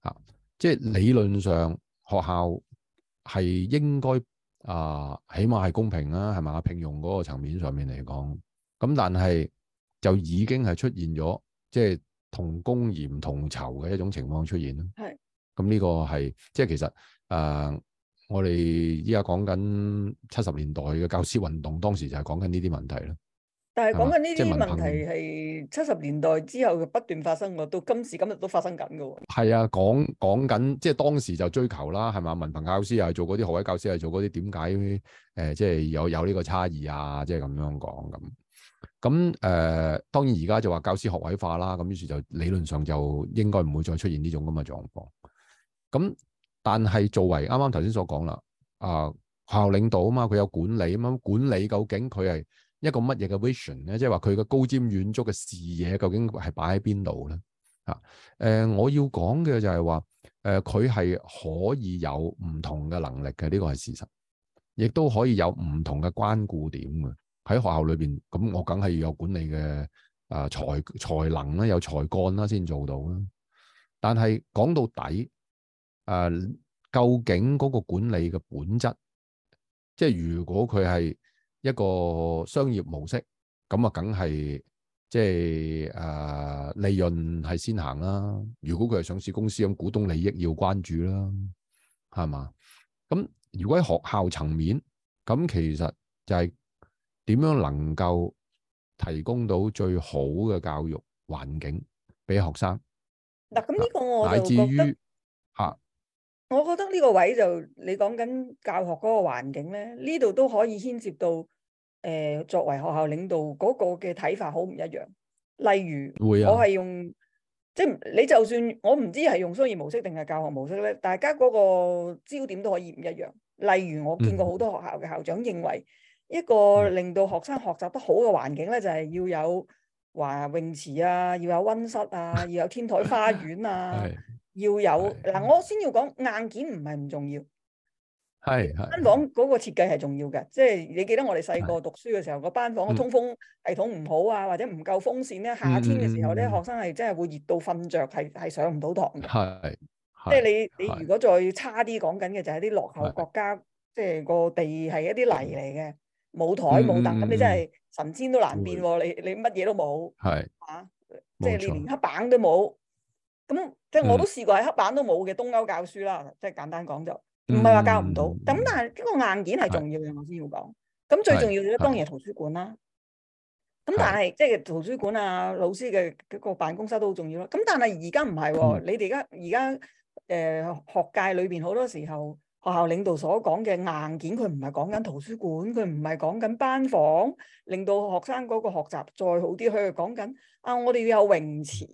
Speaker 3: 啊，即係理論上學校係應該啊、呃，起碼係公平啦、啊，係嘛？聘用嗰個層面上面嚟講，咁但係就已經係出現咗即係同工唔同酬嘅一種情況出現啦。係。咁呢個係即係其實誒。呃我哋依家講緊七十年代嘅教師運動，當時就係講緊呢啲問題咯。
Speaker 2: 但係講緊呢啲問題係七十年代之後嘅不斷發生到今時今日都發生緊嘅。
Speaker 3: 係啊，講講緊即係當時就追求啦，係嘛？文憑教師又係做嗰啲學位教師的，係做嗰啲點解誒？即、呃、係、就是、有有呢個差異啊？即係咁樣講咁。咁誒、呃，當然而家就話教師學位化啦。咁於是就理論上就應該唔會再出現呢種咁嘅狀況。咁。但係作為啱啱頭先所講啦，啊學校領導啊嘛，佢有管理咁樣管理，究竟佢係一個乜嘢嘅 vision 咧？即係話佢嘅高瞻遠矚嘅視野究竟係擺喺邊度咧？啊，誒、呃，我要講嘅就係話，誒佢係可以有唔同嘅能力嘅，呢個係事實，亦都可以有唔同嘅關顧點嘅喺學校裏邊。咁我梗係要有管理嘅啊、呃、才才能啦，有才幹啦先做到啦。但係講到底。誒、啊，究竟嗰個管理嘅本質，即係如果佢係一個商業模式，咁啊梗係即係誒，利潤係先行啦、啊。如果佢係上市公司咁，股東利益要關注啦、啊，係嘛？咁如果喺學校層面，咁其實就係點樣能夠提供到最好嘅教育環境俾學生？
Speaker 2: 嗱，咁呢個乃至於我覺得呢個位就你講緊教學嗰個環境咧，呢度都可以牽涉到誒、呃，作為學校領導嗰個嘅睇法好唔一樣。例如，會啊、我係用即係你就算我唔知係用商業模式定係教學模式咧，大家嗰個焦點都可以唔一樣。例如，我見過好多學校嘅校長、嗯、認為，一個令到學生學習得好嘅環境咧，就係、是、要有華泳池啊，要有溫室啊， 要有天台花園啊。要有嗱，我先要講硬件唔係唔重要，
Speaker 1: 係班
Speaker 2: 房嗰個設計係重要嘅。即係你記得我哋細個讀書嘅時候，個班房嘅通風系統唔好啊，或者唔夠風扇咧，夏天嘅時候咧，學生係真係會熱到瞓著，係係上唔到堂
Speaker 1: 嘅。係即係你
Speaker 2: 你如果再差啲，講緊嘅就係啲落後國家，即係個地係一啲泥嚟嘅，冇台冇凳，咁你真係神仙都難變喎！你你乜嘢都冇，係啊，
Speaker 1: 即係你連黑
Speaker 2: 板都冇。咁即係我都試過喺黑板都冇嘅、嗯、東歐教書啦，即係簡單講就唔係話教唔到。咁、嗯、但係呢個硬件係重要嘅、嗯，我先要講。咁、嗯、最重要咧，當然係圖書館啦。咁、嗯、但係即係圖書館啊，老師嘅嗰個辦公室都好重要咯。咁但係而家唔係喎，你哋而家而家誒學界裏邊好多時候學校領導所講嘅硬件，佢唔係講緊圖書館，佢唔係講緊班房，令到學生嗰個學習再好啲。佢係講緊啊，我哋要有泳池。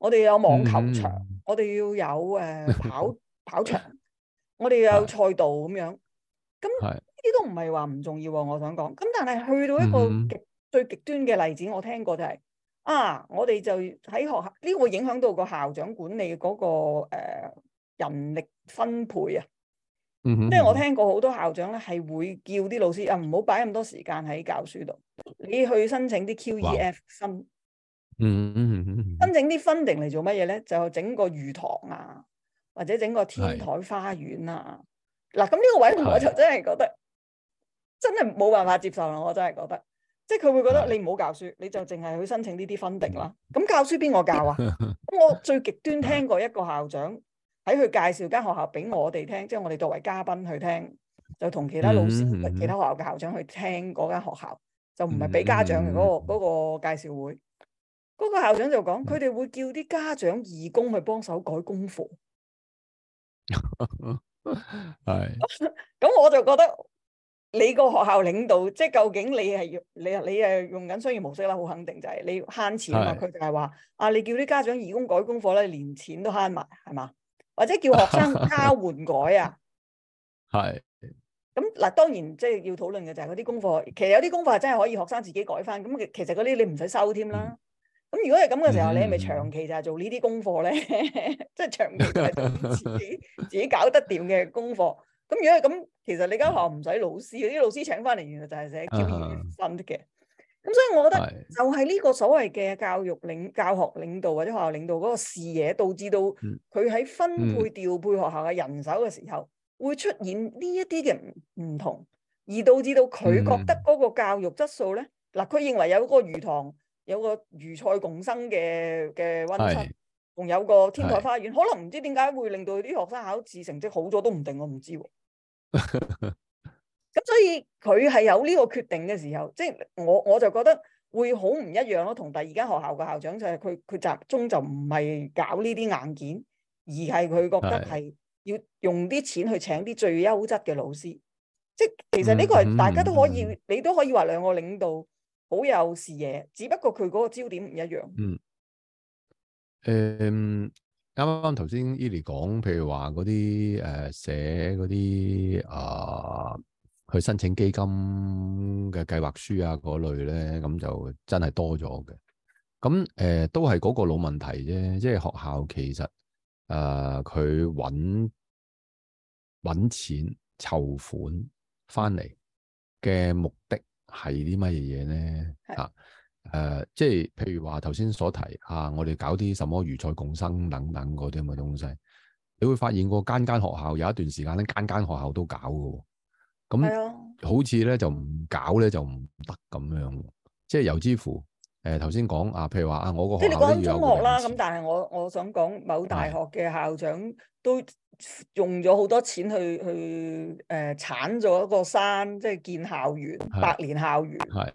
Speaker 2: 我哋有網球場，嗯、我哋要有誒、呃、跑跑場， 我哋有賽道咁樣，咁呢啲都唔係話唔重要喎、啊。我想講，咁但係去到一個極、嗯、最極端嘅例子，我聽過就係、是、啊，我哋就喺學校呢，這個、會影響到個校長管理嗰、那個、呃、人力分配啊。即、
Speaker 1: 嗯、係、就是、我
Speaker 2: 聽過好多校長咧，係會叫啲老師啊，唔好擺咁多時間喺教書度，你去申請啲 QEF 申。
Speaker 1: 嗯嗯
Speaker 2: 嗯，申請啲分定嚟做乜嘢咧？就整個魚塘啊，或者整個天台花園啊。嗱，咁、啊、呢個位我就真係覺得真係冇辦法接受啦。我真係覺得，即係佢會覺得你唔好教書，你就淨係去申請呢啲分定啦。咁教書邊個教啊？咁我最極端聽過一個校長喺佢介紹間學校俾我哋聽，即、就、係、是、我哋作為嘉賓去聽，就同其他老師、其他學校嘅校長去聽嗰間學校，就唔係俾家長嘅嗰、那個、那個介紹會。嗰、那個校長就講：佢哋會叫啲家長義工去幫手改功課。係， 咁我就覺得你個學校領導，即、就、係、是、究竟你係用你你誒用緊商業模式啦，好肯定就係你慳錢嘛。佢就係話：啊，你叫啲家長義工改功課咧，連錢都慳埋，係嘛？或者叫學生交換改啊。
Speaker 1: 係。
Speaker 2: 咁嗱，當然即係要討論嘅就係嗰啲功課。其實有啲功課係真係可以學生自己改翻。咁其實嗰啲你唔使收添啦。嗯咁如果係咁嘅時候，你係咪長期就係做呢啲功課咧？即、嗯、係 長
Speaker 1: 期就係自己
Speaker 2: 自己搞得掂嘅功課。咁如果係咁，其實你間學校唔使老師，啲、嗯、老師請翻嚟，原來就係寫教員分啲嘅。咁、嗯、所以我覺得，就係呢個所謂嘅教育領教學領導或者學校領導嗰個視野，導致到佢喺分配調配學校嘅人手嘅時候、嗯，會出現呢一啲嘅唔同，而導致到佢覺得嗰個教育質素咧，嗱、嗯、佢認為有個魚塘。有個魚菜共生嘅嘅溫室，仲有個天台花園，可能唔知點解會令到啲學生考試成績好咗都唔定，我唔知喎、啊。咁 所以佢係有呢個決定嘅時候，即係我我就覺得會好唔一樣咯、啊。同第二間學校嘅校長就係佢佢集中就唔係搞呢啲硬件，而係佢覺得係要用啲錢去請啲最優質嘅老師。即係其實呢個係大家都可以，嗯、你都可以話兩個領導。好有視野，只不過佢嗰個焦點唔一樣。
Speaker 3: 嗯，誒、嗯，啱啱頭先 Eli 講，譬如話嗰啲誒寫嗰啲啊，去申請基金嘅計劃書啊嗰類咧，咁就真係多咗嘅。咁誒、呃、都係嗰個老問題啫，即、就、係、是、學校其實誒佢揾揾錢籌款翻嚟嘅目的。係啲乜嘢嘢咧？啊，誒，即係譬如話頭先所提啊，我哋搞啲什麼魚菜共生等等嗰啲咁嘅東西，你會發現個間間學校有一段時間咧，間間學校都搞㗎，咁、嗯、好似咧就唔搞咧就唔得咁樣。即係又似乎誒頭先講啊，譬如話啊，我個學校即係你講中學啦，咁
Speaker 2: 但係我我想講某大學嘅校長都。用咗好多錢去去誒鏟咗一個山，即係建校園，百年校園。係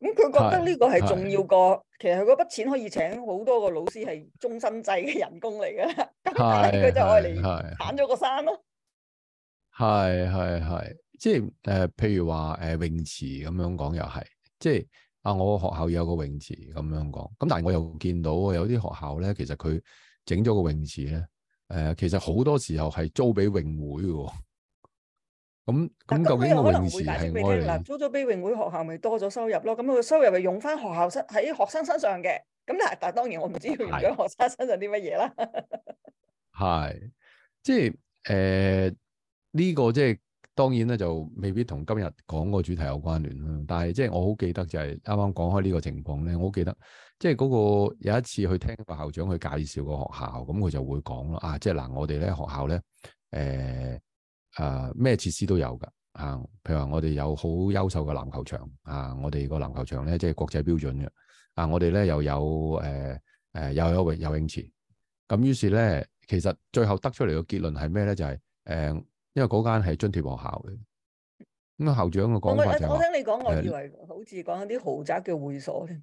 Speaker 2: 咁，佢覺得呢個係重要過，其實佢嗰筆錢可以請好多個老師係終身制嘅人工嚟噶啦，但係佢就愛嚟鏟咗個山咯、
Speaker 3: 啊。係係係，即係誒，譬如話誒泳池咁樣講又係，即係啊，我個學校有個泳池咁樣講，咁但係我又見到有啲學校咧，其實佢整咗個泳池咧。誒，其實好多時候係租俾泳會嘅，咁咁究竟個泳會係咩？
Speaker 2: 租咗俾泳會學校，咪多咗收入咯。咁佢收入咪用翻學校身喺學生身上嘅。咁但係當然我唔知佢用咗學生身上啲乜嘢啦。
Speaker 3: 係， 即係誒，呢、呃這個即係當然咧，就未必同今日講個主題有關聯啦。但係即係我好記得就係啱啱講開呢個情況咧，我好記得。即係嗰個有一次去聽個校長去介紹個學校，咁佢就會講咯啊！即係嗱，我哋咧學校咧，誒、呃、啊，咩、呃、設施都有噶啊！譬如話我哋有好優秀嘅籃球場啊，我哋個籃球場咧即係國際標準嘅啊，我哋咧又有誒誒又有游泳池。咁於是咧，其實最後得出嚟嘅結論係咩咧？就係、是、誒、呃，因為嗰間係津貼學校嘅。咁校長嘅講法、就是、我聽你講，我以為、呃、
Speaker 2: 好似講一啲豪宅嘅會所咧。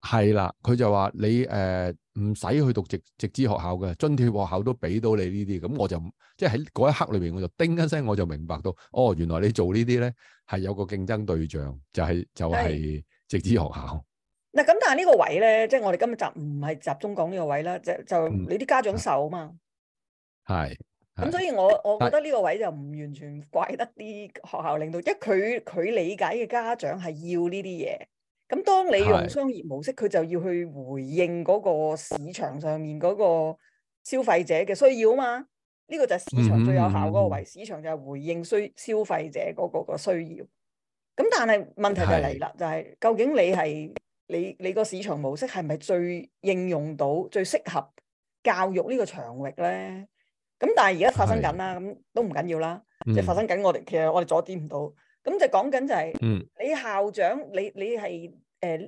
Speaker 3: 係啦，佢就話你誒，唔使去讀直直資學校嘅津貼學校都俾到你呢啲，咁我就即係喺嗰一刻裏邊，我就叮一聲，我就明白到哦，原來你做呢啲咧係有個競爭對象，就係就係直資學校。
Speaker 2: 嗱，咁但係呢個位咧，即係我哋今日集唔係集中講呢個位啦，就就你啲家長受啊嘛。
Speaker 3: 係。
Speaker 2: 咁所以我我覺得呢個位就唔完全怪得啲學校領導，因為佢佢理解嘅家長係要呢啲嘢。咁當你用商業模式，佢就要去回應嗰個市場上面嗰個消費者嘅需要嘛？呢、呢個就係市場最有效嗰、嗰個位，嗯、為市場就係回應需消費者嗰個個需要。咁但係問題就嚟啦，就係、是、究竟你係你你個市場模式係咪最應用到最適合教育呢個場域呢個領域咧？咁但係而家發生緊啦，咁都唔緊要啦，即、嗯、係、就是、發生緊我哋其實我哋阻啲唔到。咁就講緊就係，你校長你你係誒、呃、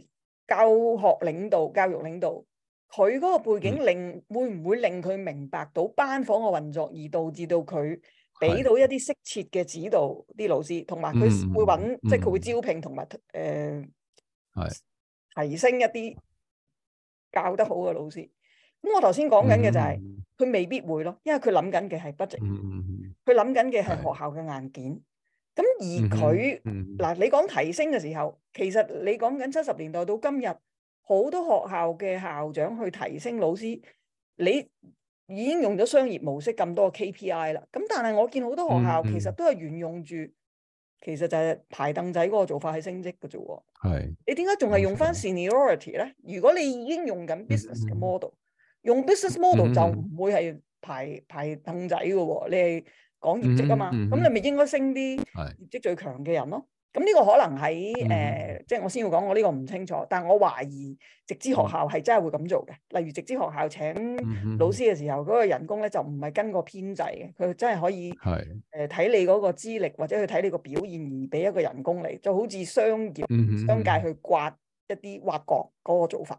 Speaker 2: 教學領導、教育領導，佢嗰個背景令、嗯、會唔會令佢明白到班房嘅運作，而導致到佢俾到一啲適切嘅指導啲老師，同埋佢會揾、嗯、即係佢會招聘同埋誒提升一啲教得好嘅老師。咁我頭先講緊嘅就係、是，佢、嗯、未必會咯，因為佢諗緊嘅係不值，佢諗緊嘅係學校嘅硬件。咁而佢嗱、嗯嗯，你講提升嘅時候，其實你講緊七十年代到今日，好多學校嘅校長去提升老師，你已經用咗商業模式咁多 KPI 啦。咁但係我見好多學校其實都係沿用住、嗯嗯，其實就係排凳仔嗰個做法去升職嘅啫。係你點解仲係用翻 seniority 咧、嗯？如果你已經用緊 business 嘅 model，用 business model 就唔會係排、嗯、排凳仔嘅喎，你係。講業績啊嘛，咁、嗯嗯、你咪應該升啲業績最強嘅人咯。咁呢個可能喺誒，即、嗯、係、呃就係、我先要講，我呢個唔清楚。但係我懷疑直資學校係真係會咁做嘅。例如直資學校請老師嘅時候，嗰、嗯嗰個人工咧就唔係跟個編制嘅，佢真係可以誒睇、呃、你嗰個資歷或者去睇你個表現而俾一個人工你，就好似商業、嗯、商界去刮一啲挖角嗰個做法。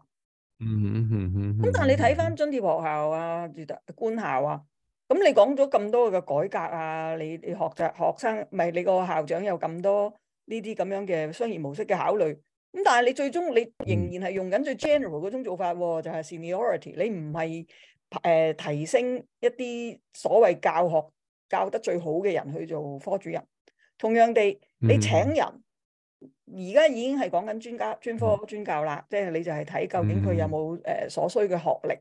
Speaker 1: 咁、嗯、但係你睇翻
Speaker 2: 津貼學校啊，官校啊。咁你講咗咁多嘅改革啊，你你學著學生，唔係你個校長有咁多呢啲咁樣嘅商業模式嘅考慮。咁但係你最終你仍然係用緊最 general 嗰種做法、啊嗯，就係、是、seniority 你。你唔係誒提升一啲所謂教學教得最好嘅人去做科主任。同樣地，你請人而家、嗯、已經係講緊專家專科專教啦、嗯，即係你就係睇究竟佢有冇誒、嗯呃、所需嘅學歷。誒、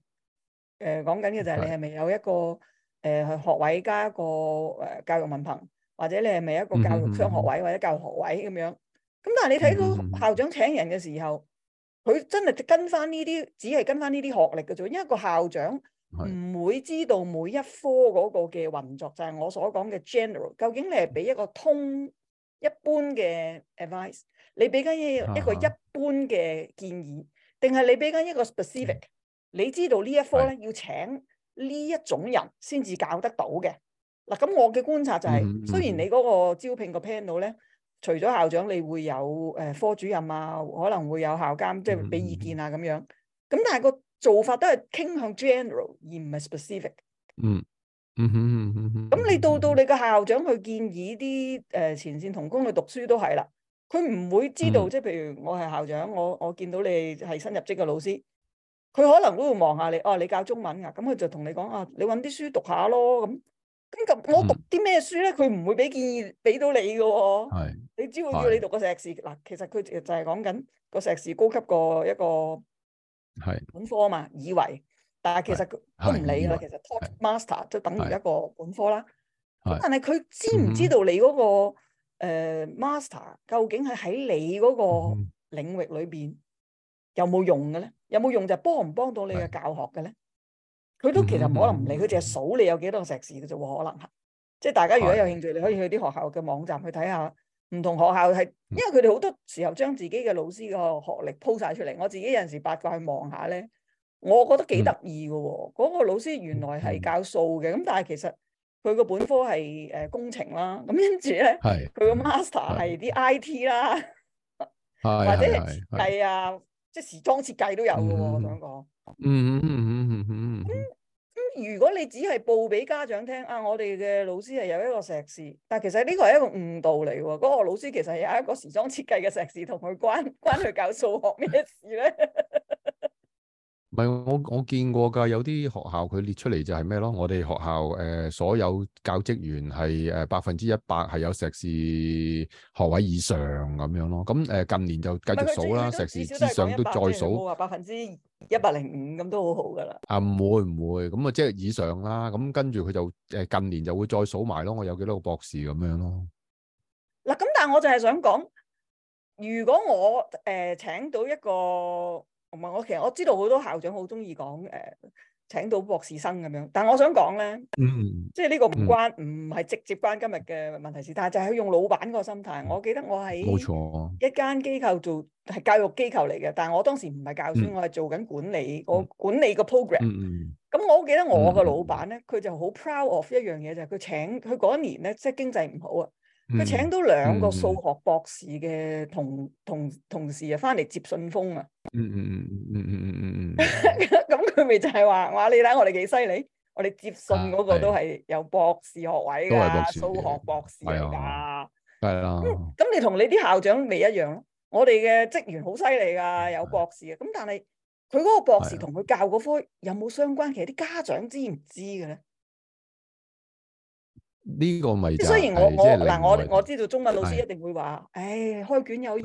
Speaker 2: 呃、講緊嘅就係你係咪有一個？嗯誒、呃、學位加一個誒、呃、教育文憑，或者你係咪一個教育商學位，嗯嗯嗯，或者教育學位咁樣？咁但係你睇到校長請人嘅時候，佢、嗯嗯嗯嗯、真係跟返呢啲，只係跟返呢啲學歷嘅啫。因為個校長唔會知道每一科嗰個嘅運作，就係、是、我所講嘅 general。究竟你係俾一個通一般嘅 advice，你俾緊一,一個一般嘅建議，定係你俾緊一個 specific？你知道呢一科咧要請？呢一種人先至搞得到嘅嗱，咁我嘅觀察就係、是，mm -hmm. 雖然你嗰個招聘個 panel 咧，除咗校長，你會有誒科主任啊，可能會有校監，即係俾意見啊咁樣。咁但係個做法都係傾向 general 而唔係 specific。嗯嗯
Speaker 1: 哼。咁
Speaker 2: 你到到你個校長去建議啲誒前線同工去讀書都係啦，佢唔會知道，mm -hmm. 即係譬如我係校長，我我見到你係新入職嘅老師。佢可能都會望下你，哦、啊，你教中文噶、啊，咁佢就同你講，啊，你揾啲書讀下咯，咁咁咁，我讀啲咩書咧？佢唔會俾建議俾到你噶喎、哦。你只會要你讀個碩士，嗱，其實佢就係講緊個碩士高級過一個係本科啊嘛，以為，但係其實都唔理啦。其實 talk master 就等於一個本科啦。係，但係佢知唔知道你嗰、那個、呃呃、master 究竟係喺你嗰個領域裏邊有冇用嘅咧？有冇用就係幫唔幫到你嘅教學嘅咧？佢都其實可能唔理，佢淨係數你有幾多個碩士嘅啫。可能係，即係大家如果有興趣，你可以去啲學校嘅網站去睇下。唔同學校係因為佢哋好多時候將自己嘅老師個學歷鋪晒出嚟。我自己有陣時八卦去望下咧，我覺得幾得意嘅喎。嗰個老師原來係教數嘅，咁但係其實佢個本科係誒工程啦，咁跟住咧，佢個 master 係啲 IT 啦，
Speaker 1: 或者係係
Speaker 2: 啊。即時裝設計都有㗎，我想講。嗯嗯嗯嗯嗯嗯。咁咁，如果你只係報俾家長聽，啊，我哋嘅老師係有一個碩士，但係其實呢個係一個誤導嚟嘅。嗰個老師其實係有一個時裝設計嘅碩士，同佢關關佢搞數學咩事咧？
Speaker 3: 唔係我我見過噶，有啲學校佢列出嚟，就係咩咯？我哋學校誒、呃，所有教職員係誒百分之一百係有碩士學位以上咁樣咯。咁、嗯、誒近年就繼續數啦，碩士之上都再數。
Speaker 2: 百分之一百零五咁都好好噶啦。
Speaker 3: 啊唔會唔會咁啊？即係以上啦。咁跟住佢就誒近年就會再數埋咯。我有幾多個博士咁樣咯。
Speaker 2: 嗱咁但係我就係想講，如果我誒、呃、請到一個。同埋我其實我知道好多校長好中意講誒請到博士生咁樣，但係我想講咧、嗯，即係呢個唔關唔係、嗯、直接關今日嘅問題事、嗯，但係就係佢用老闆個心態、嗯。我記得我喺一間機構做係、嗯、教育機構嚟嘅，但係我當時唔係教書、嗯，我係做緊管理、嗯，我管理個 program、
Speaker 1: 嗯。
Speaker 2: 咁、嗯、我好記得我個老闆咧，佢就好 proud of 一樣嘢，就係、是、佢請佢嗰一年咧，即、就、係、是、經濟唔好啊。
Speaker 1: 佢、嗯、請到兩個數
Speaker 2: 學博士嘅同、嗯、同同事啊，翻嚟接信封啊！嗯嗯嗯嗯嗯嗯嗯嗯咁佢咪就係話：我話你睇我哋幾犀利，我哋接信嗰個都係有博士學位㗎，數、啊、學博士㗎。
Speaker 1: 係啦。
Speaker 2: 咁、嗯、你同你啲校長未一樣咯？我哋嘅職員好犀利㗎，有博士啊！咁但係佢嗰個博士同佢教嗰科有冇相關？其實啲家長知唔知嘅咧？
Speaker 3: 呢、這個咪即係雖然我我嗱我我知道中文老師一
Speaker 2: 定會話，誒、哎、開卷有益，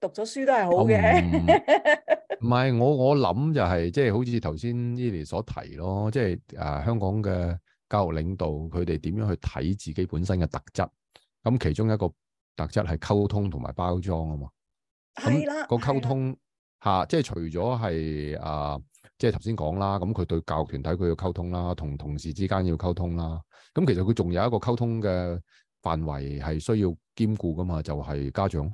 Speaker 2: 讀咗書都係好嘅。唔、嗯、
Speaker 3: 係 我我諗就係即係好似頭先 Eli 所提咯，即係誒香港嘅教育領導佢哋點樣去睇自己本身嘅特質？咁其中一個特質係溝通同埋包裝啊嘛。係啦，那那個溝通嚇，即係除咗係啊，即係頭先講啦，咁、啊、佢、就是、對教育團體佢要溝通啦，同同事之間要溝通啦。咁其實佢仲有一個溝通嘅範圍係需要兼顧噶嘛，就係、是、家長。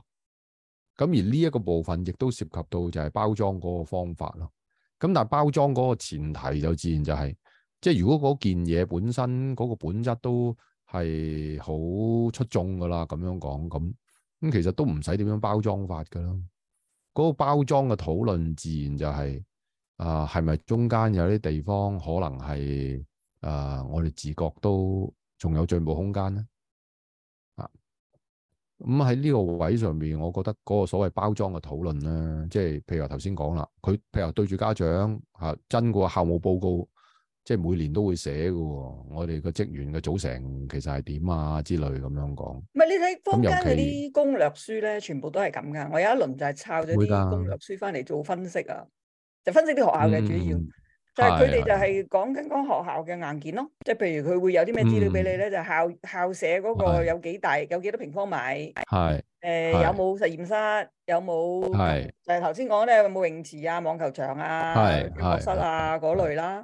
Speaker 3: 咁而呢一個部分亦都涉及到就係包裝嗰個方法咯。咁但係包裝嗰個前提就自然就係、是，即係如果嗰件嘢本身嗰個本質都係好出眾噶啦，咁樣講，咁咁其實都唔使點樣包裝法噶啦。嗰、那個包裝嘅討論自然就係、是、啊，係、呃、咪中間有啲地方可能係？啊、uh，！我哋自覺都仲有進步空間咧，啊！咁喺呢個位上面，我覺得嗰個所謂包裝嘅討論咧，即、就、係、是、譬如話頭先講啦，佢譬如話對住家長嚇、啊、真個校務報告，即、就、係、是、每年都會寫嘅喎。我哋嘅職員嘅組成其實係點啊之類咁樣講。
Speaker 2: 唔係你睇坊間嗰啲攻略書咧，全部都係咁噶。我有一輪就係抄咗啲攻略書翻嚟做分析啊，就分析啲學校嘅
Speaker 3: 主要。Um,
Speaker 1: 就係佢哋就係
Speaker 2: 講緊講學校嘅硬件咯，即係譬如佢會有啲咩資料俾你咧，就係、校、嗯、校舍嗰個有幾大，有幾多平方米，
Speaker 1: 誒、呃、有
Speaker 2: 冇實驗室，有冇就係頭先講咧有冇泳池啊、網球場啊、音樂室啊嗰類啦。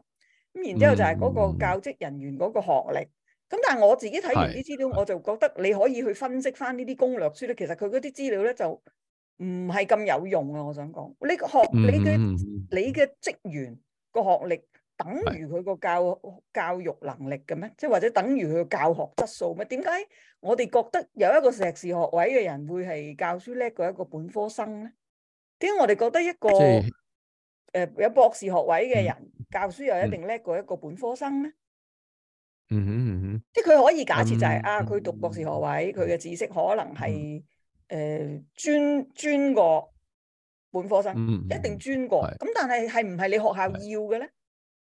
Speaker 2: 咁然之後就係嗰個教職人員嗰個學歷。咁、嗯、但係我自己睇完啲資料，我就覺得你可以去分析翻呢啲攻略書咧。其實佢嗰啲資料咧就唔係咁有用啊。我想講你個學你嘅、嗯、你嘅職員，個學歷等於佢個教教育能力嘅咩？即係或者等於佢嘅教學質素咩？點解我哋覺得有一個碩士學位嘅人會係教書叻過一個本科生咧？點解我哋覺得一個誒、呃、有博士學位嘅人、嗯、教書又一定叻過一個本科生咧？嗯
Speaker 1: 哼、嗯嗯，即
Speaker 2: 係佢可以假設就係、是嗯、啊，佢讀博士學位，佢、嗯、嘅知識可能係誒、嗯呃、專專過。專本科生、嗯、一定專過咁，但係係唔係你學校要嘅咧？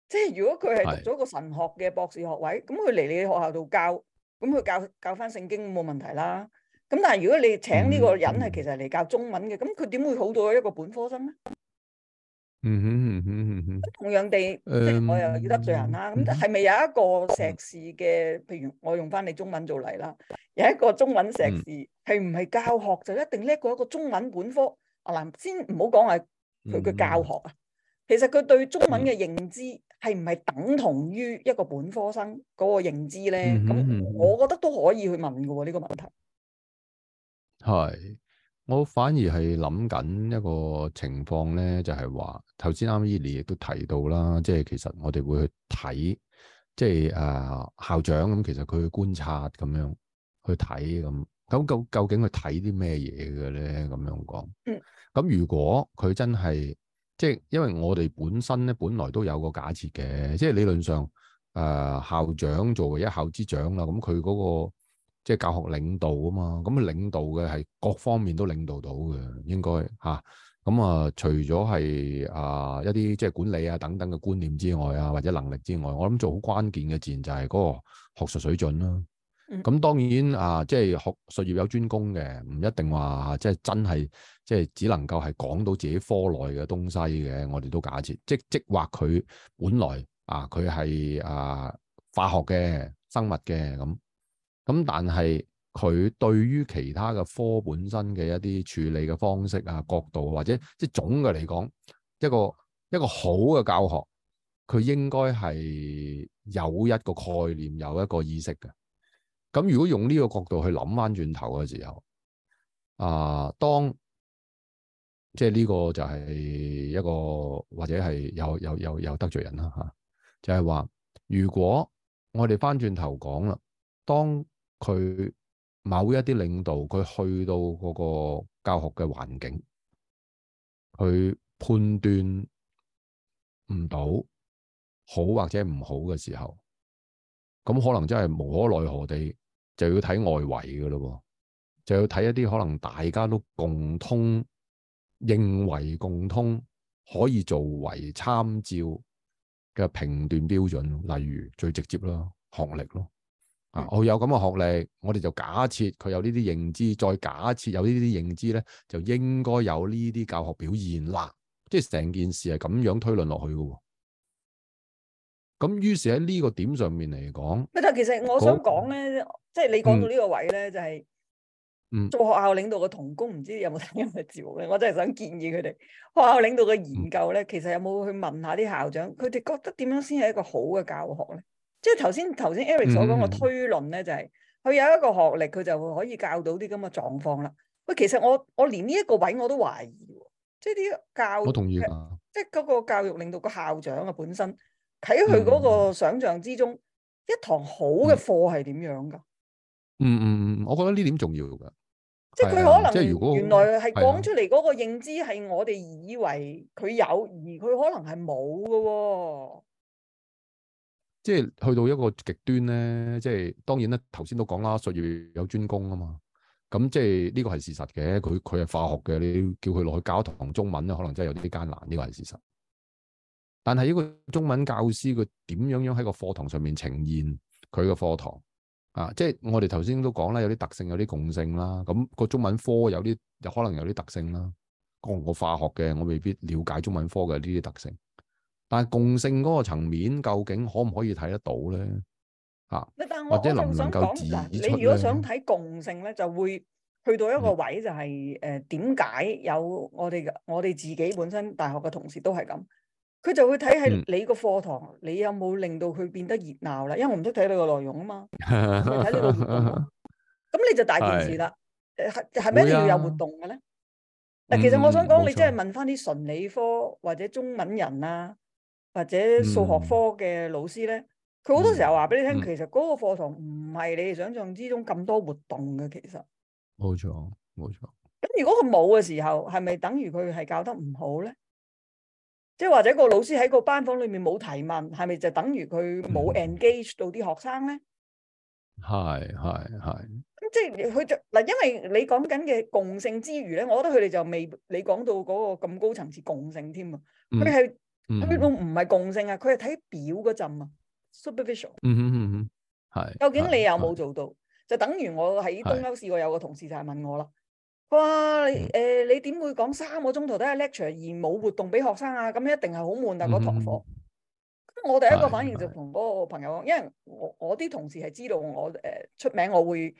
Speaker 2: 即係如果佢係讀咗個神學嘅博士學位，咁佢嚟你學校度教，咁佢教教翻聖經冇問題啦。咁但係如果你請呢個人係其實嚟教中文嘅，咁佢點會好到一個本科生咧？嗯
Speaker 1: 哼嗯嗯嗯，同
Speaker 2: 樣地，即、嗯、我又要得罪人啦。咁係咪有一個碩士嘅？譬如我用翻你中文做例啦，有一個中文碩士係唔係教學就一定叻過一個中文本科？嗱先唔好講係佢嘅教學啊、嗯，其實佢對中文嘅認知係唔係等同於一個本科生嗰個認知咧？咁、嗯嗯嗯、我覺得都可以去問嘅喎，呢、這個問題。
Speaker 3: 係，我反而係諗緊一個情況咧，就係、是、話，頭先啱 Eli 亦都提到啦，即係其實我哋會去睇，即係誒、呃、校長咁，其實佢去觀察咁樣去睇咁。咁究究竟佢睇啲咩嘢嘅咧？咁樣講，嗯，咁如果佢真係，即係因為我哋本身咧本來都有個假設嘅，即係理論上，誒校長作為一校之長啦，咁佢嗰個即係教學領導啊嘛，咁領導嘅係各方面都領導到嘅，應該吓，咁啊除咗係啊一啲即係管理啊等等嘅觀念之外啊，或者能力之外，我諗做好關鍵嘅自然就係嗰個學術水準啦。咁當然啊，即係學術業有專攻嘅，唔一定話即係真係即係只能夠係講到自己科內嘅東西嘅。我哋都假設，即係即話佢本來啊，佢係啊化學嘅、生物嘅咁。咁但係佢對於其他嘅科本身嘅一啲處理嘅方式啊、角度或者即係總嘅嚟講，一個一個好嘅教學，佢應該係有一個概念、有一個意識嘅。咁如果用呢個角度去諗翻轉頭嘅時候，啊，當即係呢個就係一個或者係有有有有得罪人啦嚇，就係話如果我哋翻轉頭講啦，當佢某一啲領導佢去到嗰個教學嘅環境，佢判斷唔到好或者唔好嘅時候，咁可能真係無可奈何地。就要睇外圍嘅咯，就要睇一啲可能大家都共通，認為共通可以作為參照嘅評斷標準，例如最直接啦，嗯、學歷咯。啊，我有咁嘅學歷，我哋就假設佢有呢啲認知，再假設有呢啲認知咧，就應該有呢啲教學表現啦。即係成件事係咁樣推論落去嘅。咁於是喺呢個點上面嚟講，唔
Speaker 2: 係，但係其實我想講咧，即係你講到呢個位咧，就係，嗯，做學校領導嘅同工唔知你有冇聽今日節目咧？我真係想建議佢哋學校領導嘅研究咧，其實有冇去問下啲校長，佢哋覺得點樣先係一個好嘅教學咧？即係頭先頭先 Eric 所講嘅推論咧，就係佢有一個學歷，佢就會可以教到啲咁嘅狀況啦。喂，其實我我連呢一個位我都懷疑，即係啲教我同意，即係嗰個教育領導個校長啊本身。喺佢嗰個想像之中，嗯，一堂好嘅課係點樣噶？嗯
Speaker 3: 嗯嗯，我覺得呢點重要噶，即係佢可能原來係講出
Speaker 2: 嚟嗰個認知係我哋以為佢有，有，而佢可能係冇嘅
Speaker 1: 喎。
Speaker 3: 即係去到一個極端咧，即係當然啦，頭先都講啦，術業有專攻啊嘛。咁即係呢個係事實嘅，佢佢係化學嘅，你叫佢落去教一堂中文啊，可能真係有啲啲艱難。呢個係事實。但係呢個中文教師佢點樣樣喺個課堂上面呈現佢個課堂啊？即係我哋頭先都講啦，有啲特性，有啲共性啦。咁個中文科有啲有可能有啲特性啦。我我化學嘅，我未必了解中文科嘅呢啲特性。但係共性嗰個層面究竟可唔可以睇得到咧？啊，
Speaker 1: 或者能唔能夠自
Speaker 3: 你如果想
Speaker 2: 睇共性咧，就會去到一個位就係誒，點解有我哋我哋自己本身大學嘅同事都係咁？佢就會睇係你個課堂，你有冇令到佢變得熱鬧啦？因為我唔識睇你個內容啊嘛，睇你個活動，
Speaker 1: 咁你就大件事啦。
Speaker 2: 係係咪一定要有活動嘅咧？
Speaker 1: 嗱，其實我想講，你真係
Speaker 2: 問翻啲純理科或者中文人啊，或者數學科嘅老師咧，佢好多時候話俾你聽，其實嗰個課堂唔係你哋想像之中咁多活動嘅。其實
Speaker 1: 冇錯，冇錯。
Speaker 2: 咁如果佢冇嘅時候，係咪等於佢係教得唔好咧？即係或者個老師喺個班房裏面冇提問，係咪就等於佢冇 engage 到啲學生咧？
Speaker 3: 係係係。咁
Speaker 2: 即係佢就嗱，因為你講緊嘅共性之餘咧，我覺得佢哋就未你講到嗰個咁高層次共性添啊。佢哋係佢哋都唔係共性啊，佢係睇表嗰陣啊，superficial。嗯
Speaker 1: 嗯嗯嗯，係。究竟你有冇
Speaker 2: 做到？就等於我喺東歐試過有個同事就係問我啦。哇！誒、呃，你點會講三個鐘頭都係 lecture 而冇活動俾學生啊？咁一定係好悶啊！嗰堂課，課。嗯、我第一個反應就同嗰個朋友講，因為我我啲同事係知道我誒、呃、出名，我會誒、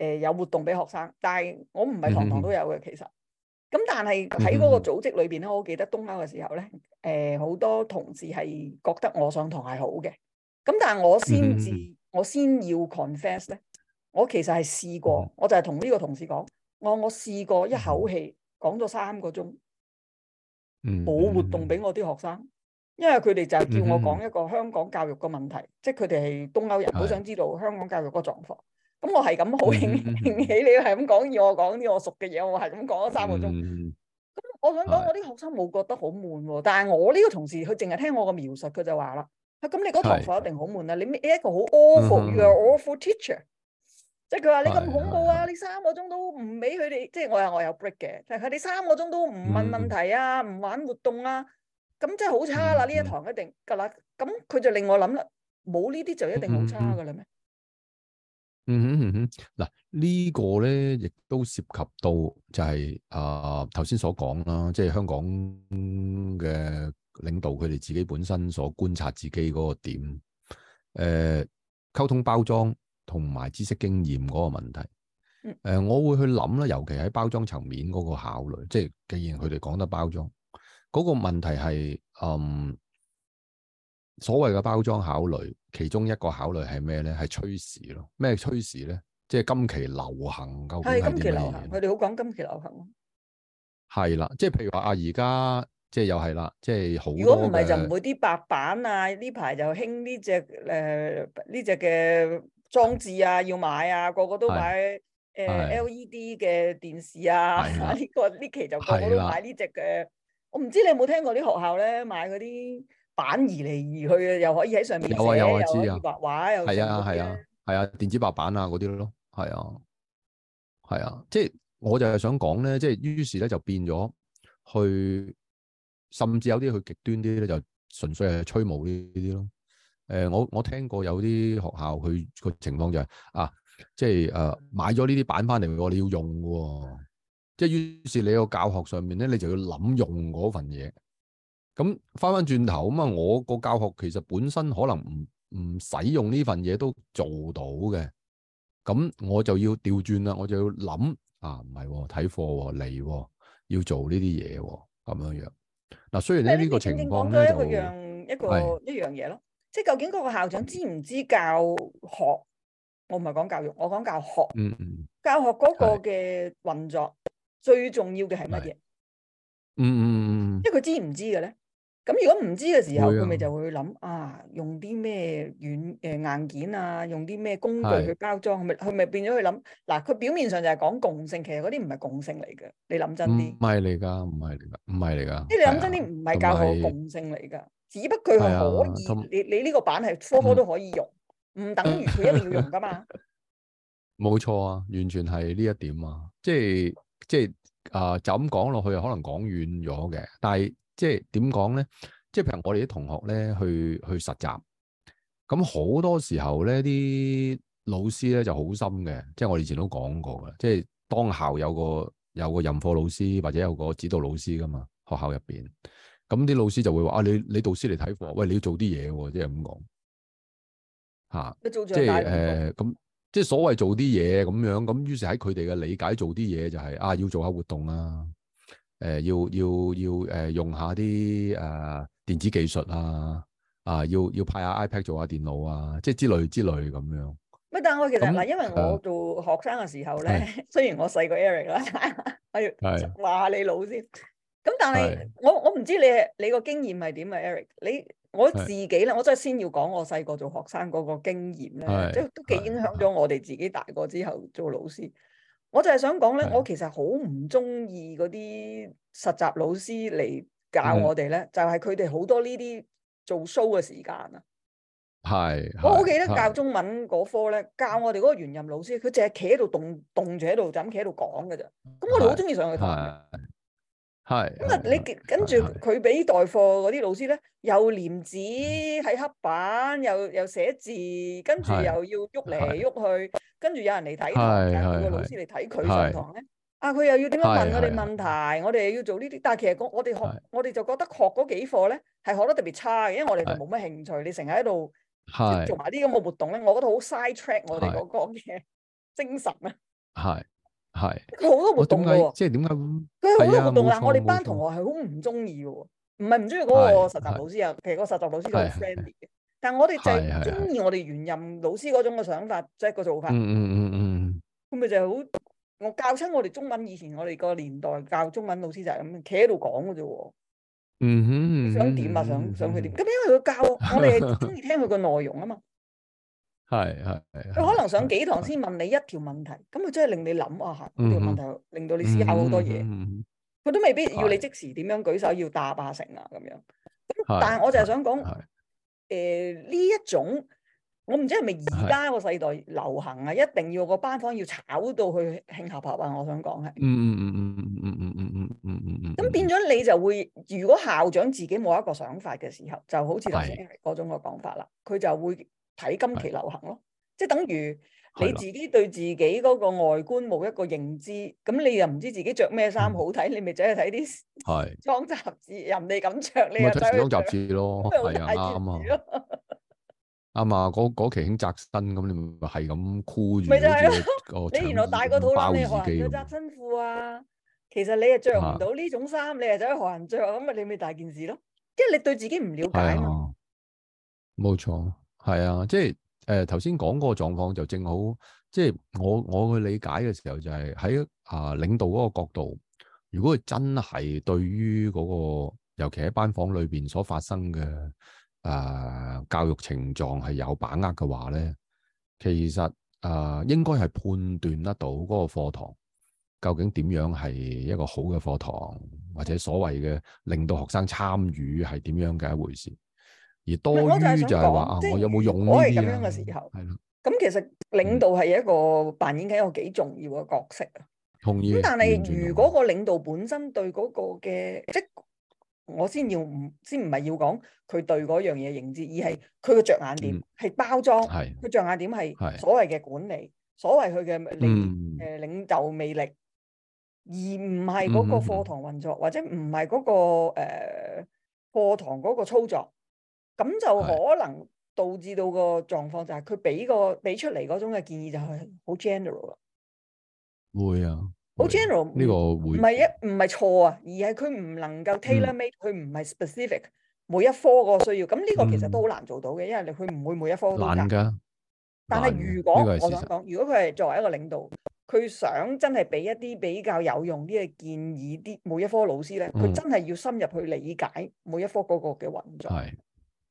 Speaker 2: 呃、有活動俾學生，但係我唔係堂堂都有嘅、嗯。其實，咁但係喺嗰個組織裏邊咧，我記得東歐嘅時候咧，誒、呃、好多同事係覺得我上堂係好嘅，咁但係我先至、嗯、我先要 confess 咧，我其實係試過，我就係同呢個同事講。我我試過一口氣講咗三個鐘，
Speaker 1: 冇活
Speaker 2: 動俾我啲學生，嗯、因為佢哋就係叫我講一個香港教育嘅問題，嗯、即係佢哋係東歐人，好想知道香港教育個狀況。咁我係咁好興起你講，係咁講要我講啲我熟嘅嘢，我係咁講咗三個
Speaker 1: 鐘。
Speaker 2: 咁、嗯、我想講，我啲學生冇覺得好悶喎，但係我呢個同事佢淨係聽我嘅描述，佢就話啦，咁、啊、你嗰堂課一定好悶啊！你咩一個好 awful，you are awful teacher。即係佢話你咁恐怖啊！你三個鐘都唔俾佢哋，即係我有我有 break 嘅。但係你三個鐘都唔問問題啊，唔玩活動啊，咁真係好差啦！呢一堂一定噶啦。咁佢就令我諗啦，冇呢啲就一定好差噶啦咩？嗯哼嗯哼，
Speaker 3: 嗱呢個咧亦都涉及到就係啊頭先所講啦，即係香港嘅領導佢哋自己本身所觀察自己嗰個點，誒溝通包裝。同埋知識經驗嗰個問題，嗯，呃，我會去諗啦，尤其喺包裝層面嗰個考慮，即係既然佢哋講得包裝，嗰個問題係，嗯，所謂嘅包裝考慮，其中一個考慮係咩咧？係趨時咯，咩趨時咧？即係今期流行究竟係點樣？係今期流行，
Speaker 2: 佢哋好講今期流行咯。
Speaker 3: 係啦，即係譬如話啊，而家即係又係啦，即係好。如果唔係就唔會
Speaker 2: 啲白板啊，呢排就興呢隻誒呢隻嘅。呃呢隻裝置啊，要買啊，個個都買誒、呃、LED 嘅電視啊。呢、啊呢個呢期就個個都買呢隻嘅。我唔知你有冇聽過啲學校咧買嗰啲板移嚟移去又可以喺上面有啊有啊，知啊，畫畫啊，係啊係啊
Speaker 3: 係啊，電子白板啊嗰啲咯，係啊係啊，即係、即係、我就係想講咧，即係於是咧就變咗去，甚至有啲去極端啲咧，就純粹係吹毛呢啲咯。誒、呃，我我聽過有啲學校佢個情況就係、是、啊，即係誒、啊、買咗呢啲板翻嚟，你要用嘅、哦，即係於是你在個教學上面咧，你就要諗用嗰份嘢。咁翻翻轉頭咁啊，我個教學其實本身可能唔唔使用呢份嘢都做到嘅。咁我就要調轉啦，我就要諗啊，唔係睇課嚟，要做呢啲嘢咁樣樣。嗱、啊，雖然咧呢、這個情況咧就係一個一樣嘢
Speaker 2: 咯。即係究竟嗰個校長知唔知教學？我唔係講教育，我講教學。嗯
Speaker 1: 嗯。
Speaker 2: 教學嗰個嘅運作最重要嘅係乜嘢？嗯嗯嗯。
Speaker 1: 因
Speaker 2: 為佢知唔知嘅咧？咁如果唔知嘅時候，佢咪就會諗啊，用啲咩軟誒硬件啊，用啲咩工具去包裝，咪佢咪變咗去諗。嗱，佢表面上就係講共性，其實嗰啲唔係共性嚟嘅。你諗真啲，
Speaker 3: 唔係嚟噶，唔係嚟噶，唔係嚟噶。即係你諗
Speaker 2: 真啲，唔係教學共性嚟噶。只不過係可以，啊、你你呢個版係科科都可以用，唔、嗯、等於佢
Speaker 3: 一定要用噶嘛？冇錯啊，完全係呢一點啊，即係即係啊、呃，就咁講落去可能講遠咗嘅，但係即係點講咧？即係譬如我哋啲同學咧去去實習，咁好多時候咧啲老師咧就好深嘅，即係我以前都講過噶，即係當校有個有個任課老師或者有個指導老師噶嘛，學校入邊。咁啲老師就會話啊，你你導師嚟睇課，喂，你要做啲嘢喎，即係咁講吓。即係誒，咁即係所謂做啲嘢咁樣，咁於是喺佢哋嘅理解做啲嘢就係、是、啊，要做下活動啊，誒、呃，要要要誒、呃，用下啲誒、啊、電子技術啊，啊，要要派下 iPad 做下電腦啊，即係之類之類咁樣。
Speaker 2: 乜？但我其實唔係，因為我做學生嘅時候咧，uh, 雖然我細過 Eric 啦，uh, 我要話下你老先。Uh, 咁、嗯、但係我我唔知你你個經驗係點啊，Eric。你我自己啦，我真係先要講我細個做學生嗰個經驗咧，即係、就是、都幾影響咗我哋自己大個之後做老師。我就係想講咧，我其實好唔中意嗰啲實習老師嚟教我哋咧，就係佢哋好多呢啲做 show 嘅時間啊。
Speaker 1: 係我好記得教
Speaker 2: 中文嗰科咧，教我哋嗰個原任老師，佢淨係企喺度動動住喺度，就咁企喺度講㗎咋。咁我哋好中意上
Speaker 1: 去台。
Speaker 3: 係咁
Speaker 2: 啊！你 跟住佢俾代課嗰啲老師咧，又唸紙喺黑板，又又寫字，跟住又要喐嚟喐去，跟住有人嚟睇堂，個老師嚟睇佢上堂咧。啊，佢又要點樣問我哋問題？我哋要做呢啲，但係其實我哋學，我哋就覺得學嗰幾課咧係學得特別差嘅，因為我哋就冇乜興趣。你成日喺度做埋啲咁嘅活動咧，我覺得好 side track 我哋嗰個嘅精神啊。
Speaker 3: 係。 係佢好多活動喎，即係點解？佢、就、好、是啊、多活動的我的不不的，但我哋班同
Speaker 2: 學係好唔中意嘅喎，唔係唔中意嗰個實習老師啊，其實個實習老師仲 friendly 嘅，但係我哋就中意我哋原任老師嗰種嘅想法，即、就、係、是、個做法。嗯嗯
Speaker 1: 嗯
Speaker 2: 嗯，咁咪就係好，我教親我哋中文以前，我哋個年代教中文老師就係咁，企喺度講嘅啫。嗯
Speaker 1: 哼，想點啊？想想佢點？
Speaker 2: 咁因為佢教，我哋係中意聽佢個內容啊嘛。
Speaker 1: 係係係，佢一可
Speaker 2: 能上幾堂先問你一條問題，咁佢真係令你諗啊，吓呢，條問題令到你思考好多
Speaker 1: 嘢。
Speaker 2: 佢都未必要你即時點樣舉手要答啊成啊咁樣。
Speaker 1: 咁但係
Speaker 2: 我就係想講，誒呢一種，我唔知係咪而家個世代流行啊，一定要個班房要炒到去慶合合啊。我想講係，嗯嗯
Speaker 1: 嗯嗯嗯嗯嗯嗯嗯嗯。咁
Speaker 2: 變咗你就會，如果校長自己冇、well though, like、一個想法嘅時候，就好似頭先嗰種個講法啦，佢就會。睇今期流行咯，即係等於你自己對自己嗰個外觀冇一個認知，咁你又唔知自己着咩衫好睇，你咪走去睇啲係裝雜誌，人哋咁着，你咪睇裝雜
Speaker 3: 誌咯。係啊，啱啊，啱啊，嗰嗰期興窄身，咁你咪係咁箍住。咪就係咯，你原來大個肚腩，你話窄
Speaker 2: 身褲啊，其實你又着唔到呢種衫，你又走去學人着，咁啊你咪大件事咯。即係你對自己唔了解
Speaker 3: 啊。冇錯。係啊，即係誒頭先講嗰個狀況就正好，即係我我嘅理解嘅時候就係喺啊領導嗰個角度，如果佢真係對於嗰、嗰個尤其喺班房裏邊所發生嘅誒、呃、教育情狀係有把握嘅話咧，其實啊、呃、應該係判斷得到嗰個課堂究竟點樣係一個好嘅課堂，或者所謂嘅令到學生參與係點樣嘅一回事。而多於就係想講話啊，我有冇用我係咁樣嘅時候，係、嗯、咯。
Speaker 2: 咁其實領導係一個扮演緊一個幾重要嘅角色
Speaker 3: 啊。同意。咁但係
Speaker 2: 如果個領導本身對嗰個嘅，即係我先要唔先唔係要講佢對嗰樣嘢認知，而係佢嘅着眼點係、嗯、包裝，係佢着眼點係所謂嘅管理，所謂佢嘅領誒、嗯、領袖魅力，而唔係嗰個課堂運作，嗯、或者唔係嗰個誒、呃、課堂嗰個操作。咁就可能導致到個狀況就個，就係佢俾個俾出嚟嗰種嘅建議就係好 general 咯。
Speaker 1: 會啊，
Speaker 2: 好 general 呢、啊呢
Speaker 1: 個會唔係
Speaker 2: 一唔係錯啊？而係佢唔能夠 tailor made，佢唔係 specific 每一科個需要。咁呢個其實都好難做到嘅、嗯，因為佢唔會每一科。難㗎。但係如果我想講，如果佢係作為一個領導，佢想真係俾一啲比較有用啲嘅建議，啲每一科老師咧，佢、嗯、真係要深入去理解每一科嗰個嘅運作。嗯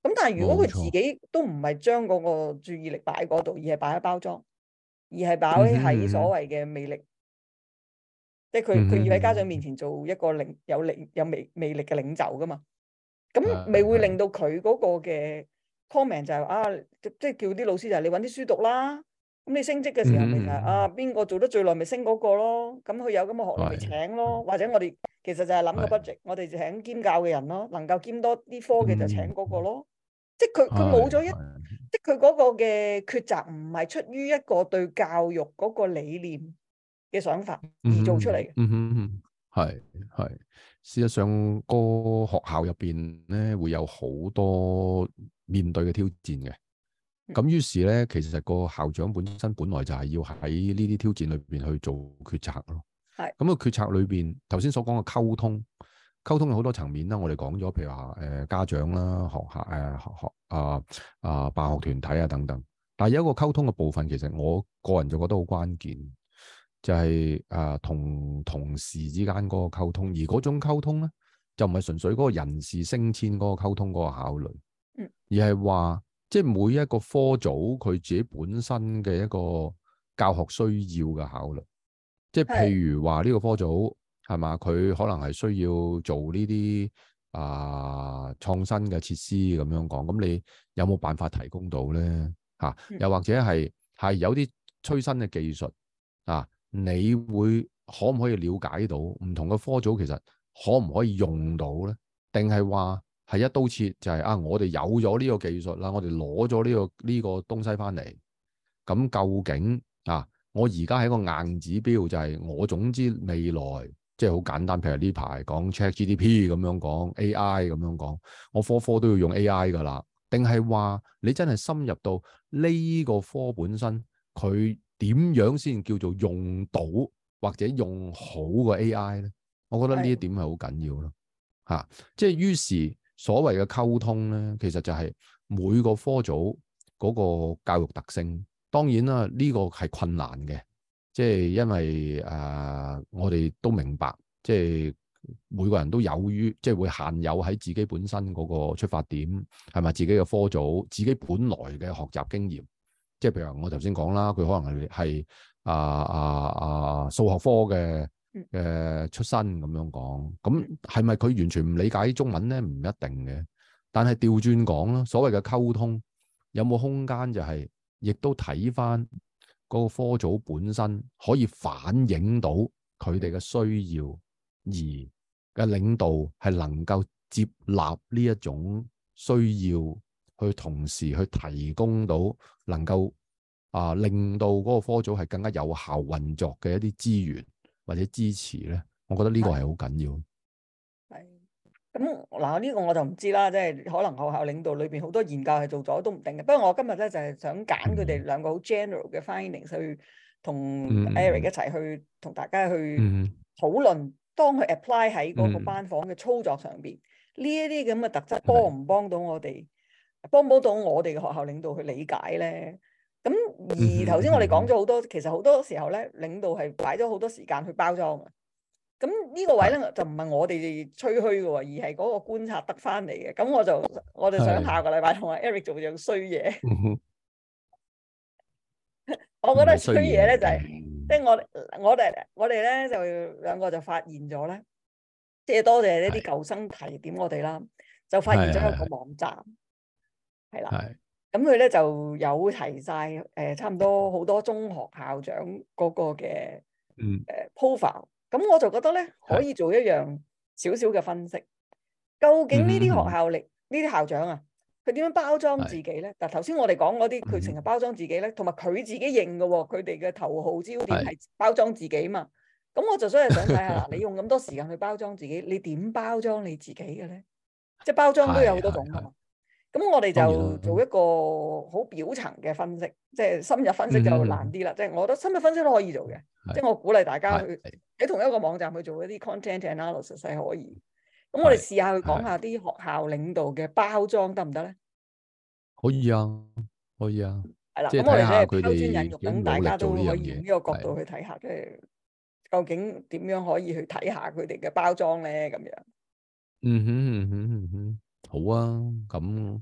Speaker 2: 咁但係如果佢自己都唔係將嗰個注意力擺喺嗰度，而係擺喺包裝，嗯、而係擺喺所謂嘅魅力，嗯、即係佢佢要喺家長面前做一個領有領有魅魅力嘅領袖噶嘛。
Speaker 1: 咁、嗯、咪
Speaker 2: 會令到佢嗰個嘅 comment 就係、嗯嗯、啊，即、就、係、是、叫啲老師就係你揾啲書讀啦。咁你升職嘅時候咪就係、是嗯、啊，邊個做得最耐咪升嗰個咯？咁佢有咁嘅學歷咪請咯、嗯，或者我哋其實就係諗個 budget、嗯、我哋就請兼教嘅人咯、嗯，能夠兼多啲科嘅就請嗰個咯。即係佢佢冇咗一，即係佢嗰個嘅抉擇唔係出於一個對教育嗰個理念嘅想法而做出嚟
Speaker 3: 嘅。嗯嗯係係，事實上個學校入邊咧會有好多面對嘅挑戰嘅。咁於是咧，其實個校長本身本來就係要喺呢啲挑戰裏邊去做決策咯。係。咁個決策裏邊，頭先所講嘅溝通。溝通有好多層面啦，我哋講咗，譬如話誒、呃、家長啦、學校誒學學啊啊，啊辦學團體啊等等。但係有一個溝通嘅部分，其實我個人就覺得好關鍵，就係、是、誒、啊、同同事之間嗰個溝通，而嗰種溝通咧就唔係純粹嗰個人事升遷嗰個溝通嗰個考慮，嗯、而係話即係每一個科組佢自己本身嘅一個教學需要嘅考慮，即、就、係、是、譬如話呢個科組。係嘛？佢可能係需要做呢啲啊創新嘅設施咁樣講。咁你有冇辦法提供到咧？吓，又或者係係有啲催新嘅技術啊？你會可唔可以了解到唔同嘅科組其實可唔可以用到咧？定係話係一刀切就係啊？我哋有咗呢個技術啦，我哋攞咗呢個呢個東西翻嚟，咁究竟啊？我而家喺個硬指標就係我總之未來。即係好簡單，譬如呢排講 ChatGPT 咁樣講 AI 咁樣講，我科科都要用 AI 噶啦。定係話你真係深入到呢個科本身，佢點樣先叫做用到或者用好個 AI 咧？我覺得呢一點係好緊要咯、吓。即係於是所謂嘅溝通咧，其實就係每個科組嗰個教育特性。當然啦，呢、呢個係困難嘅，即係因為誒。呃我哋都明白，即、就、係、是、每個人都有于即係會限有喺自己本身嗰個出發點，係咪自己嘅科組、自己本來嘅學習經驗？即、就、係、是、譬如我頭先講啦，佢可能係啊啊啊數學科嘅、嘅、啊、出身咁樣講，咁係咪佢完全唔理解中文咧？唔一定嘅，但係調轉講啦，所謂嘅溝通有冇空間、就是，就係亦都睇翻個科組本身可以反映到。佢哋嘅需要而嘅領導係能夠接納呢一種需要，去同時去提供到能夠啊令到嗰個科組係更加有效運作嘅一啲資源或者支持咧，我覺得呢個係好緊要的。係
Speaker 2: 咁嗱，呢個我就唔知啦，即係可能學校領導裏邊好多研究係做咗都唔定嘅。不過我今日咧就係、是、想揀佢哋兩個好 general 嘅 findings 去。同 Eric 一齊去同大家去討論，嗯、當佢 apply 喺嗰個班房嘅操作上邊，呢一啲咁嘅特質幫唔幫到我哋？幫唔幫到我哋嘅學校領導去理解咧？咁而頭先我哋講咗好多，其實好多時候咧，領導係擺咗好多時間去包裝嘅。咁呢個位咧就唔係我哋哋吹虛嘅，而係嗰個觀察得翻嚟嘅。咁我就我就想下個禮拜同 Eric 做樣衰嘢。 我覺得衰嘢咧就係、是嗯，即係我我哋我哋咧就兩個就發現咗咧，即係多謝呢啲舊生提點我哋啦，就發現咗一個網站，係啦，咁佢咧就有提晒，誒、呃、差唔多好多中學校長嗰個嘅誒 profile，咁我就覺得咧可以做一樣少少嘅分析，究竟呢啲學校力呢啲校長啊？佢點樣包裝自己咧？嗱，頭先我哋講嗰啲，佢成日包裝自己咧，同埋佢自己認嘅喎，佢哋嘅頭號焦點係包裝自己嘛。咁我就所以想睇下， 你用咁多時間去包裝自己，你點包裝你自己嘅咧？即係包裝都有好多種嘅嘛。咁我哋就做一個好表層嘅分析，即、嗯、係、就是、深入分析就難啲啦。即、嗯、係、就是、我覺得深入分析都可以做嘅，即係、就是、我鼓勵大家去喺同一個網站去做一啲 content analysis 係可以。咁我哋試下去講下啲學校領導嘅包裝得唔得咧？
Speaker 3: 可以啊，可以啊。係啦，即係睇下佢哋，咁大家都可以用
Speaker 2: 呢個角度去睇下，即係究竟點樣可以去睇下佢哋嘅包裝咧？咁樣。
Speaker 3: 嗯哼嗯哼嗯哼，好啊。咁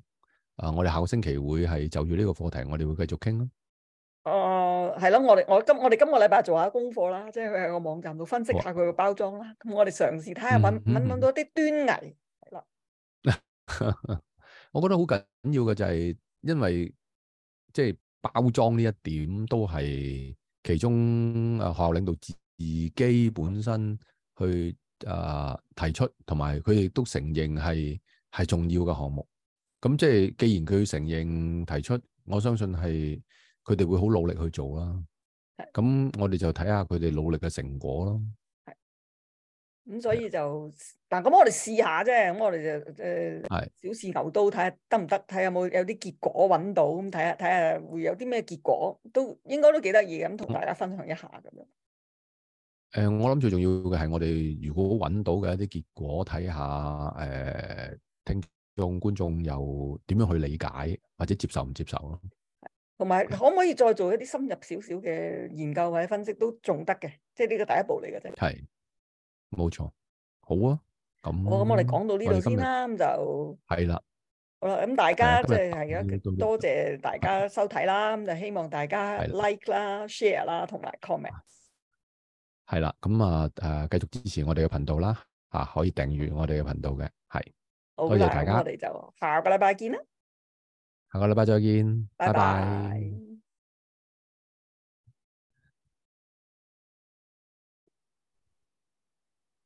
Speaker 3: 啊，我哋下個星期會係就住呢個課題，我哋會繼續傾咯。
Speaker 2: 哦，係咯，我哋我今我哋今個禮拜做下功課啦，即係喺個網站度分析下佢個包裝啦。咁我哋嘗試睇下搵搵搵到一啲端倪。係啦，
Speaker 3: 我覺得好緊要嘅就係，因為即係包裝呢一點都係其中啊學校領導自己本身去啊提出，同埋佢亦都承認係係重要嘅項目。咁即係既然佢承認提出，我相信係。佢哋會好努力去做啦，咁我哋就睇下佢哋努力嘅成果咯。咁
Speaker 2: 所以就，但係咁我哋試下啫，咁我哋就誒小試牛刀，睇下得唔得，睇下有冇有啲結果揾到，咁睇下睇下會有啲咩結果，都應該都幾得意咁，同大家分享一下咁
Speaker 3: 樣。誒，我諗最重要嘅係我哋如果揾到嘅一啲結果，睇下誒聽眾觀眾又點樣去理解或者接受唔接受咯。
Speaker 2: 同埋，可唔可以再做一啲深入少少嘅研究或者分析都仲得嘅，即係呢個第一步嚟嘅啫。
Speaker 3: 係，冇錯，好啊。咁，我咁我哋講到呢度先啦，咁就係啦。
Speaker 2: 好啦，咁大家即係係啊，多謝大家收睇啦。咁就希望大家 like 啦、share 啦，同埋 comment。
Speaker 3: 係啦，咁啊誒，繼續支持我哋嘅頻道啦。吓、啊、可以訂閱我哋嘅頻道嘅，係。多謝大家，我哋
Speaker 2: 就下個禮拜見啦。
Speaker 3: 下個禮拜再見，拜拜。Bye bye。